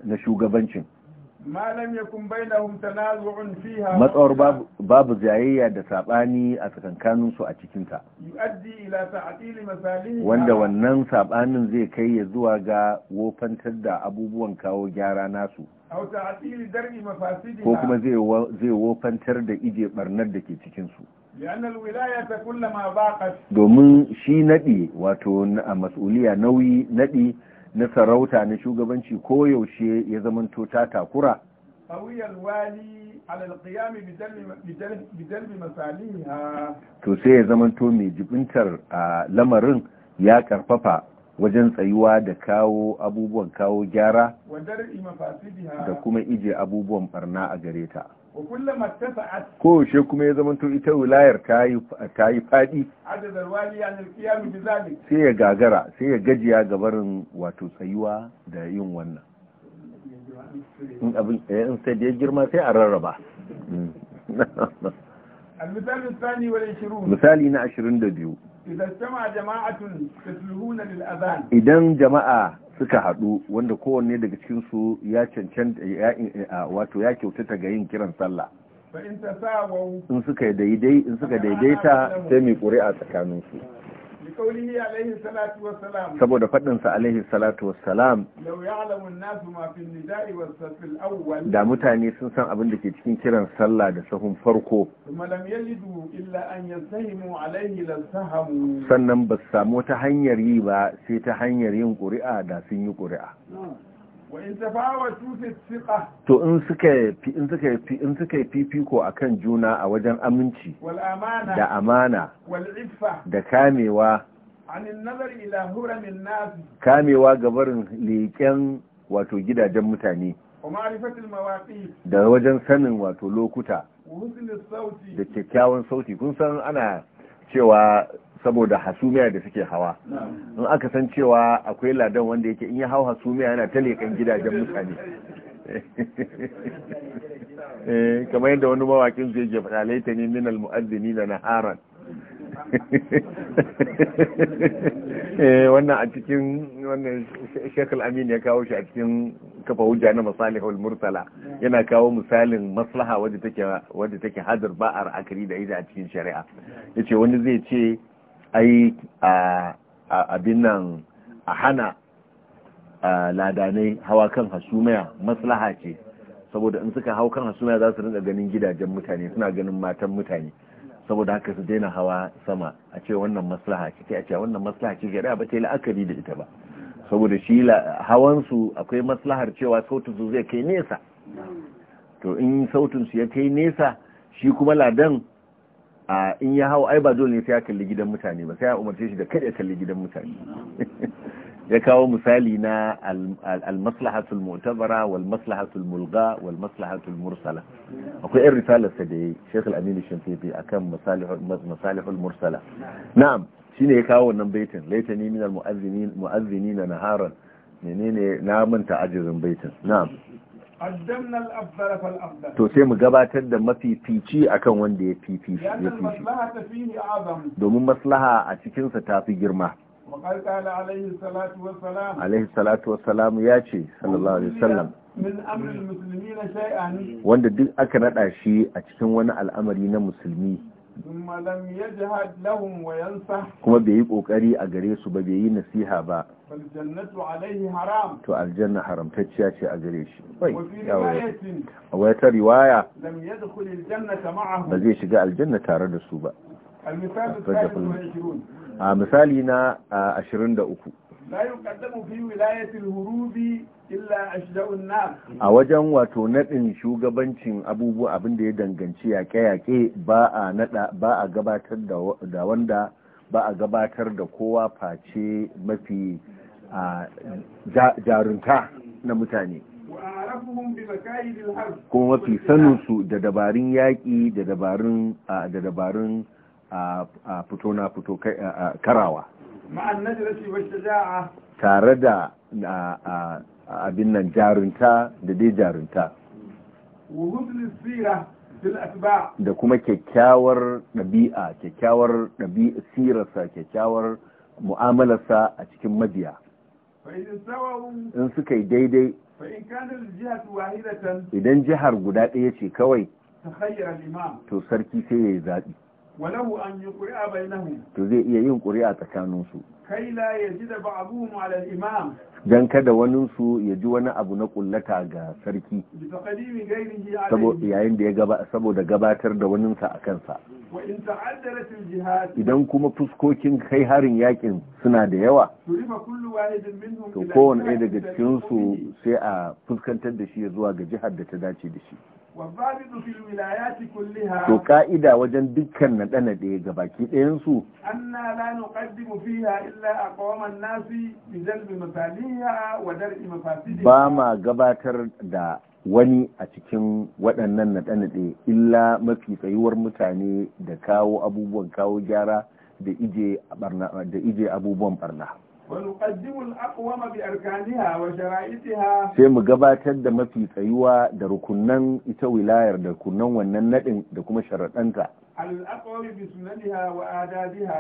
A: na shugabancin
B: malam fiha matsawar
A: babu zayayya da saɓani a tsakankanin a cikinta.
B: wanda wannan
A: saɓanin zai kai ya zuwa ga wofantar da abubuwan kawo gyara nasu ko kuma zai wofantar da ije barnar da ke cikinsu. domin shi naɗi, wato a mas'uliya nauyi naɗi. na sarauta na shugabanci koyaushe ya zamanto ta takura to sai ya zamanto mai jibintar a lamarin ya karfafa wajen tsayuwa da kawo abubuwan kawo gyara da kuma ije abubuwan barna a gare ta ko she kuma ya zama to ita wilayar ta yi faɗi sai ya gagara sai ya gajiya gabarin wato tsayuwa da yin wannan in abin eh, in sai da ya girma sai a rarraba misali na ashirin da biyu idan jama'a suka haɗu wanda kowanne daga cikinsu ya cancanta wato ya kyautata ga yin kiran sallah in suka daidaita sai mai ƙuri'a tsakaninsu saboda faɗin sa alaihi salatu wassalam da mutane sun san abin da ke cikin kiran sallah da sahun farko sannan ba su samu ta hanyar yi ba sai ta hanyar yin ƙuri'a da sun yi ƙuri'a to in suka in suka in suka fifiko akan juna a wajen aminci da amana da kamewa kamewa ga barin leƙen wato gidajen mutane da wajen sanin wato lokuta da kyakkyawan sauti kun san ana cewa saboda hasumiya da suke hawa in aka san cewa akwai ladan wanda yake in ya hau hasumiya yana ta leƙen gidajen mutane eh, kamar yadda wani mawakin su yake faɗa laita ne min da na naharan eh, wannan a cikin wannan shekul amin ya kawo shi a cikin kafa hujja na masalihul murtala yana kawo misalin maslaha wadda take hadar ba'ar akari da ita a cikin shari'a yace wani zai ce a abin nan a hana ladanai hawa kan hasumaya maslaha ce saboda in suka hau kan hasumaya za su rinka ganin gidajen mutane suna ganin matan mutane saboda haka su daina hawa sama a ce wannan maslaha ce a ce wannan maslaha ce gari ba ta yi la'akari da ita ba saboda shi hawan su akwai maslahar cewa sautin su zai kai nesa to in sautin su ya kai nesa shi kuma ladan a in ya hau ai ba dole ne sai ya kalli gidan mutane ba sai ya umarce shi da kada ya kalli gidan mutane ya kawo misali na al-maslahatul mu'tabara wal maslahatul mulga wal maslahatul mursala akwai yan risalar sa da yayi Sheikh Al-Amin Shinfifi akan masalihul masalihul mursala na'am shine ya kawo wannan baitin laitani min al-mu'azzinin mu'azzinina naharan menene na manta ajizin baitin na'am to sai mu gabatar da mafifici akan wanda ya fifici domin maslaha a cikinsa ta fi girma alaihi salatu wassalamu ya ce sallallahu alaihi wasallam wanda duk aka naɗa shi a cikin wani al'amari na musulmi
B: kuma bai
A: yi kokari a gare su ba bai yi nasiha ba to aljanna haramtacciya ce a gare shi a wata riwaya ba zai shiga aljanna tare da su ba a misali na 23
B: la yuqaddamu fi wilayati al-hurubi illa ashda'un nas a
A: wajen wato naɗin shugabancin abubuwa abin da ya danganci yaƙe-yaƙe ba a gabatar da wanda ba gabatar da kowa face mafi jarunta na mutane kuma mafi saninsu da dabarun yaƙi da dabarun karawa tare da abin nan jarunta da dai jarunta da kuma kyakkyawar ɗabi'a kyakkyawar ɗabi'a sirarsa kyakkyawar mu'amalarsa a cikin mabiya in suka yi daidai idan jihar guda ɗaya ce kawai to sarki sai ya yi zaɓi to zai iya yin ƙuri'a tsakaninsu. su kada wani ya ji wani abu na kullata ga sarki saboda gabatar da wani sa akan idan kuma fuskokin kai harin yakin suna da yawa
B: to kowane ɗaya daga cikinsu
A: sai a fuskantar da shi zuwa ga jihar da ta dace da shi To ka'ida wajen dukkan naɗe-naɗe ga baki ɗayansu.
B: Anna la nuqaddimu fiha illa aqwaman nasi bi jalbi masaliha wa dar'i mafasidiha. Ba ma
A: gabatar da wani a cikin waɗannan naɗe-naɗe illa mafi tsayuwar mutane da kawo abubuwan kawo gyara da ije abubuwan barna. sai mu gabatar da mafi tsayuwa da rukunan ita wilayar da rukunan wannan nadin da kuma sharaɗanta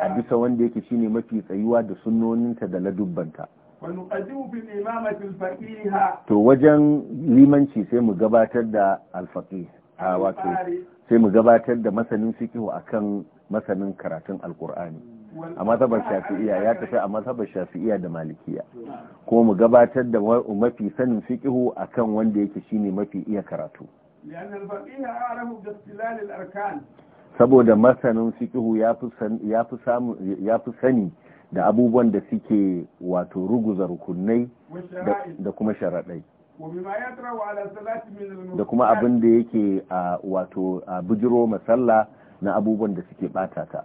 A: a bisa wanda yake shi ne mafi tsayuwa da sunnoninta da ladubbanta to wajen limanci sai mu gabatar da alfaƙi a wato sai mu gabatar da masanin fikihu akan masanin karatun alkur'ani a mazhabar shafi'iya ya tafi a mazhabar shafi'iya da malikiya ko mu gabatar da mafi sanin fiqhu akan wanda yake shine mafi iya karatu saboda masanin fiqhu ya fi sani da abubuwan da suke wato ruguza rukunai da kuma sharaɗai
B: da kuma abin
A: da yake wato bujiro masalla na abubuwan da suke ɓata ta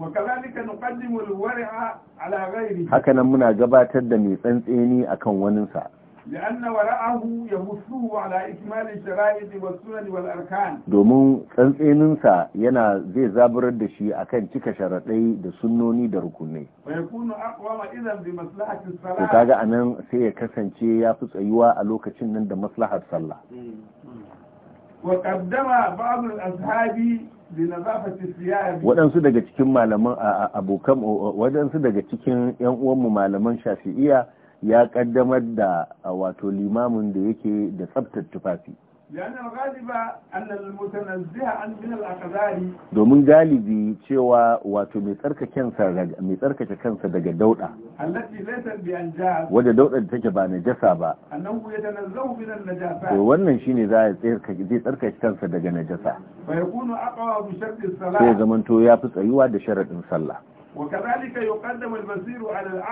B: wakazalika nuqaddimu alwar'a ala ghayrihi haka nan
A: muna gabatar da mai tsantseni akan wani sa
B: lianna wara'ahu yahussuhu ala ikmal ash-shara'i wa sunan wal arkan domin
A: tsantsenin yana zai zaburar da shi akan cika sharadai da sunnoni da rukunai
B: wa yakunu aqwa wa idan bi maslahati as-salah kaga
A: anan sai ya kasance ya fi tsayuwa a lokacin nan da maslahar sallah
B: mm, mm. wa qaddama ba'd al-azhabi waɗansu
A: daga cikin malaman abokan waɗansu daga cikin 'yan uwanmu malaman shafi'iya ya kaddamar da wato limamin da yake da tsabtar tufafi domin galibi cewa wato mai tsarkake kansa daga dauda wadda daudar take ba najasa ba to wannan shine za a zai tsarkake kansa daga najasa sai zamanto ya fi tsayuwa da sharaɗin sallah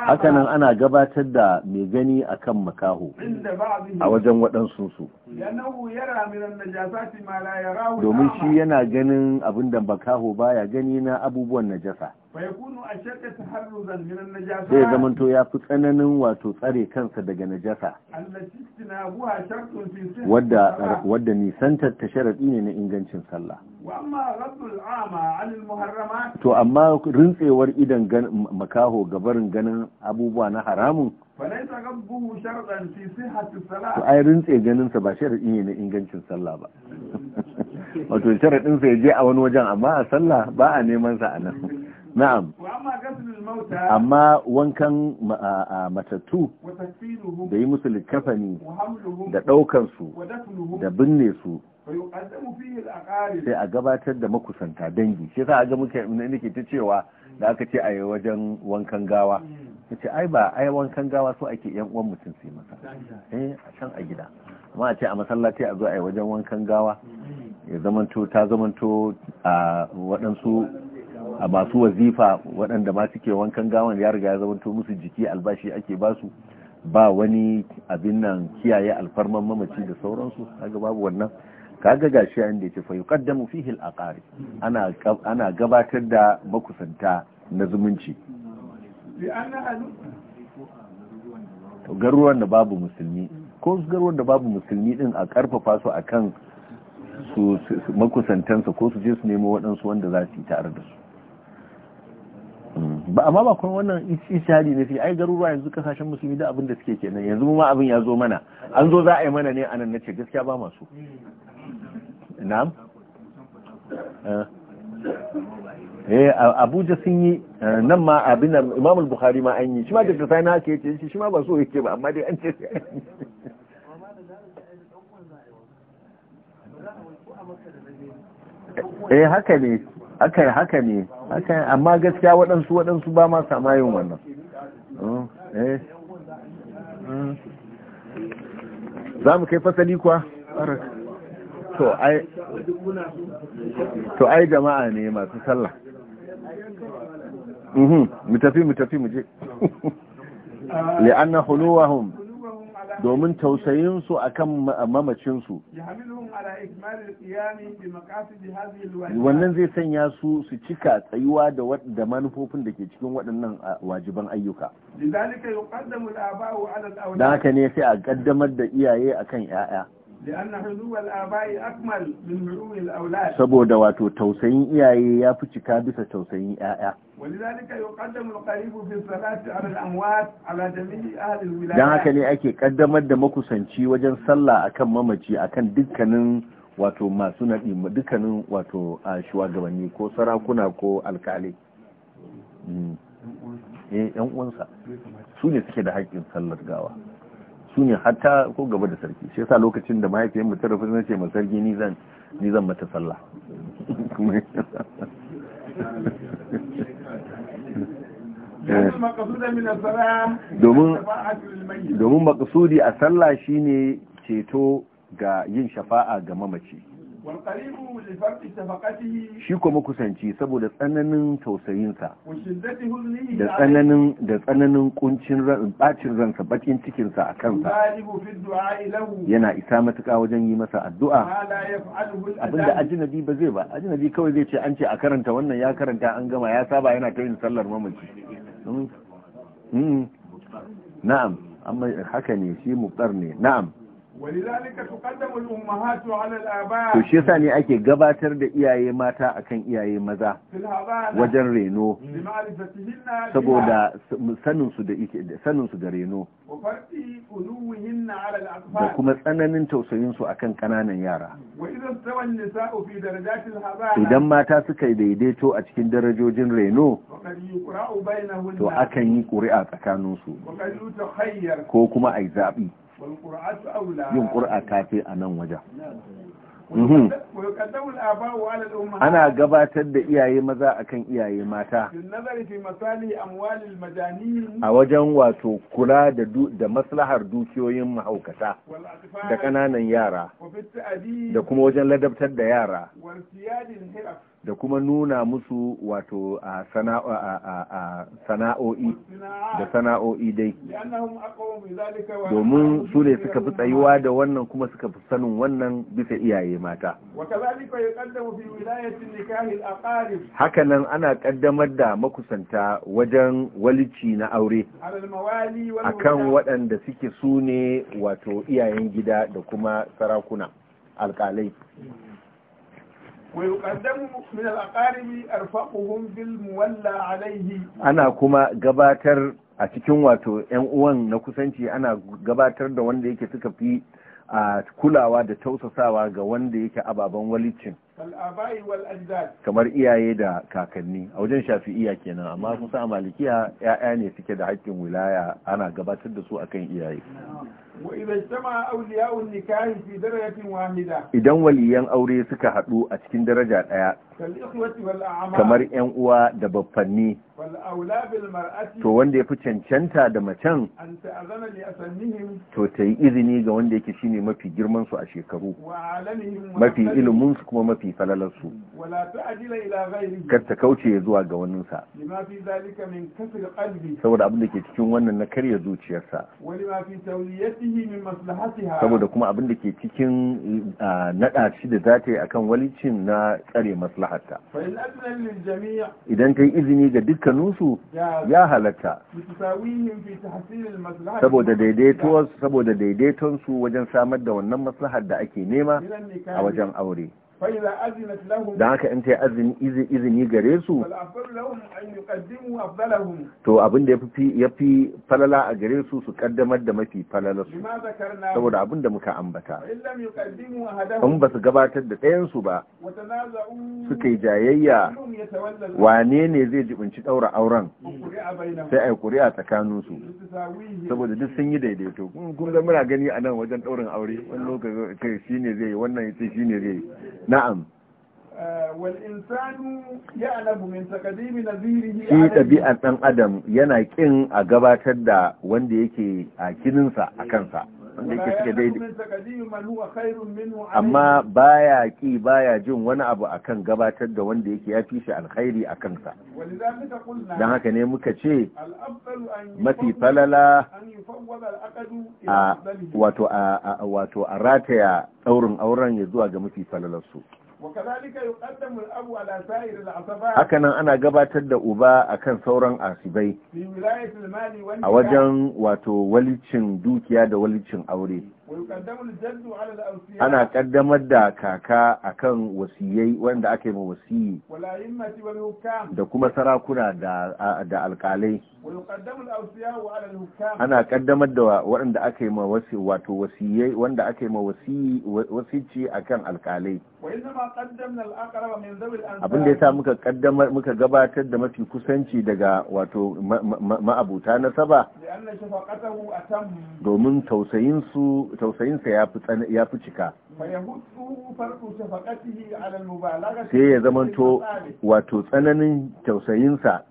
B: hakanan ana
A: gabatar da mai gani akan makaho a wajen waɗansu su domin shi yana ganin abin da makaho baya gani na abubuwan najasa zai to ya fi tsananin wato tsare kansa daga najasa wadda nisantar ta sharaɗi ne na ingancin sallah to amma rintsewar idan makaho gabarin ganin abubuwa na haramun to ai rintse ganinsa ba sharaɗi ne na ingancin sallah ba wato sharaɗinsa ya je a wani wajen amma a sallah ba a neman sa a nan na'am amma wankan matattu da yi musu likafani da ɗaukansu da binne su sai a gabatar da makusanta dangi shi sa ga muke nake ta cewa da aka ce a yi wajen wankan gawa ta hmm. ce ai ba ai wankan gawa so ake yan uwan mutum sai masa eh a can a gida amma a ce a masallaci a zo a yi wajen wankan gawa hmm. ya zamanto ta zamanto a waɗansu a masu wazifa waɗanda ma suke wankan gawan ya riga ya zamanto musu jiki albashi ake basu ba wani abin nan kiyaye alfarman mamaci da sauransu kaga babu wannan kaga gashi inda yace fa yuqaddamu fihi alaqari ana ana gabatar da makusanta na zumunci garuruwan da babu musulmi ko garuruwan da babu musulmi din a karfafa su akan su makusantansa ko su je su nemo waɗansu wanda za su yi tare da su ba amma ba kuma wannan ishari ne fi ai garuruwa yanzu kasashen musulmi da abin da suke kenan yanzu ma abin ya zo mana an zo za a yi mana ne a nan nace gaskiya ba masu na'am eh, eh Abuja sun yi eh, nan ma abin da Imam Bukhari ma an yi shi ma da sai na ke yace shi ma ba so yake ba amma dai an ce eh haka ne yi haka ne haka amma gaskiya waɗansu waɗansu ba ma sama yin wannan hmm, eh. hmm. za mu kai fasali kuwa to ai jama'a ne masu sallah mhm, mu tafi mu tafi mu je li'anna huluwahum domin tausayinsu a kan mamacinsu wannan zai sanya su su cika tsayuwa da manufofin da ke cikin waɗannan wajiban ayyuka da haka ne sai a ƙaddamar da iyaye akan 'ya'ya saboda wato tausayin iyaye ya fi cika bisa tausayin 'ya'ya don haka ne ake kaddamar da makusanci wajen sallah akan mamaci akan dukkanin wato masu naɗi dukkanin wato a shugabanni ko sarakuna ko alkali yan uwansa su ne suke da haƙƙin sallar gawa su ne hatta ko gaba da sarki shi yasa lokacin da mahaifiyar mu ta rufe na ce ma sarki ni zan ni mata sallah
B: domin domin
A: makasudi a sallah shine ceto ga yin shafa'a ga mamaci shi ko makusanci saboda tsananin tausayinsa da tsananin da tsananin kuncin bacin ransa bakin cikinsa a kansa yana isa matuka wajen yi masa addu'a abinda ajinabi ba zai ba ajinabi kawai zai ce an ce a karanta wannan ya karanta an gama ya saba yana ta yin sallar mamaci hmm. Hmm. na'am amma haka ne shi muktar ne na'am
B: to shi
A: yasa ne ake gabatar da iyaye mata akan iyaye maza wajen reno saboda saninsu da reno da kuma tsananin tausayinsu akan kananan yara
B: idan mata
A: suka daidaito a cikin darajojin reno to akan yi ƙuri'a tsakaninsu ko kuma a yi zaɓi yin ƙura kafi a nan wajen mhm. ana gabatar da iyaye maza akan iyaye mata a wajen wato kula da maslahar dukiyoyin mahaukata da ƙananan yara da kuma wajen ladabtar da yara da kuma nuna musu wato a sana'o'i da sana'o'i dai
B: domin su ne suka fi tsayuwa da
A: wannan kuma suka fi sanin wannan bisa iyaye mata hakanan ana kaddamar da makusanta wajen walici na aure
B: akan waɗanda
A: suke su ne wato iyayen gida da kuma sarakuna alƙalai
B: ويقدم من الأقارب أرفقهم بالمولى عليه أنا كما
A: قباتر a cikin wato 'yan uwan na kusanci ana gabatar da wanda yake suka fi a kulawa da tausasawa ga wanda yake ababen walicin kamar iyaye da kakanni a wajen shafi iya kenan amma kusa a malikiya 'ya'ya ne suke da haƙƙin wilaya ana gabatar da su akan iyaye Idan waliyan aure suka haɗu a cikin daraja ɗaya, kamar ‘yan uwa da baffanni, to wanda ya fi cancanta da macen, to ta yi izini ga wanda yake shine mafi su a shekaru,
B: mafi iliminsu
A: kuma mafi falalarsu. Kar ta kauce zuwa ga waninsa. Saboda abin da ke cikin wannan na karya zuciyarsa. saboda kuma abin da ke cikin nada shi da za ta yi akan walicin na tsare jami' idan ta izini ga dukkaninsu ya halatta saboda su wajen samar da wannan maslahar da ake nema a wajen aure
B: don haka
A: in ta yi izini gare su to abin da ya fi falala a gare su su kaddamar da mafi falala su saboda abin da muka ambata
B: in ba su
A: gabatar da ɗayansu ba suka yi jayayya wane ne zai jibinci ɗaura auren sai a yi a tsakaninsu saboda duk sun yi daidaito kun ga muna gani a nan wajen ɗaurin aure wani lokacin shi ne zai yi wannan shi ne zai yi na'am
B: والإنسان eh, shi ɗabi'ar
A: ɗan adam yana ƙin a gabatar da wanda yake a kininsa a kansa wanda yake suka
B: daidai amma
A: baya ki baya jin wani abu akan gabatar da wanda yake ya fi shi alkhairi a kansa don haka ne muka ce
B: mafi falala
A: wato a rataya tsaurin auren ya zuwa ga mafi su. hakanan ana gabatar da uba akan sauran asibai
B: a wajen
A: wato walicin dukiya da walicin aure
B: ana kaddamar
A: da kaka akan wasiyai wanda ake ma wasiyi da kuma sarakuna da alkalai
B: ana kaddamar
A: da waɗanda ake ma wasi wato wasiyai wanda ake ma wasici akan alkalai abin da yasa muka kaddamar muka gabatar da mafi kusanci daga wato ma'abuta saba, domin tausayin su tausayinsa ya fi cika
B: sai ya zamanto
A: wato tsananin tausayinsa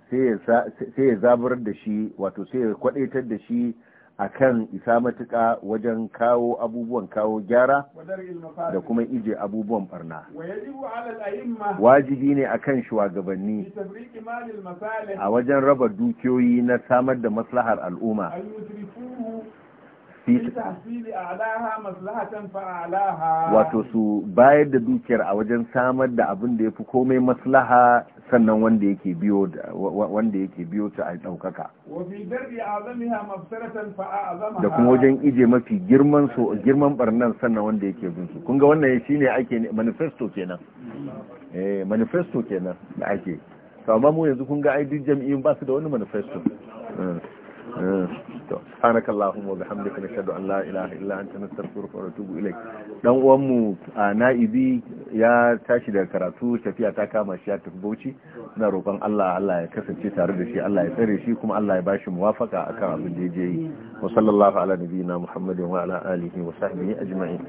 A: sai ya zabar da shi wato sai ya kwadaitar da shi akan isa matuka wajen kawo abubuwan kawo gyara da kuma ije abubuwan barna wajibi ne akan shugabanni a wajen raba dukiyoyi na samar da maslahar al'umma wato su bayar da dukiyar a wajen samar da abin da ya fi komai maslaha sannan wanda yake biyo wanda yake biyo ta a ɗaukaka da kuma wajen ije mafi girman so girman barnan sannan wanda yake bin su kun ga wannan shine ake manifesto kenan eh manifesto kenan da ake to amma mu yanzu kunga ga ai duk jami'in ba su da wani manifesto hmm. سبحانك اللهم وبحمدك نشهد ان لا اله الا انت نستغفرك ونتوب اليك dan uwan mu na'ibi ya tashi daga karatu tafiya ta kama shi ya tafi Bauchi ina roƙon Allah Allah ya kasance tare da shi Allah ya tsare shi kuma Allah ya bashi muwafaka akan abin da yake yi wa sallallahu ala nabiyina muhammadin wa ala alihi wa sahbihi ajma'in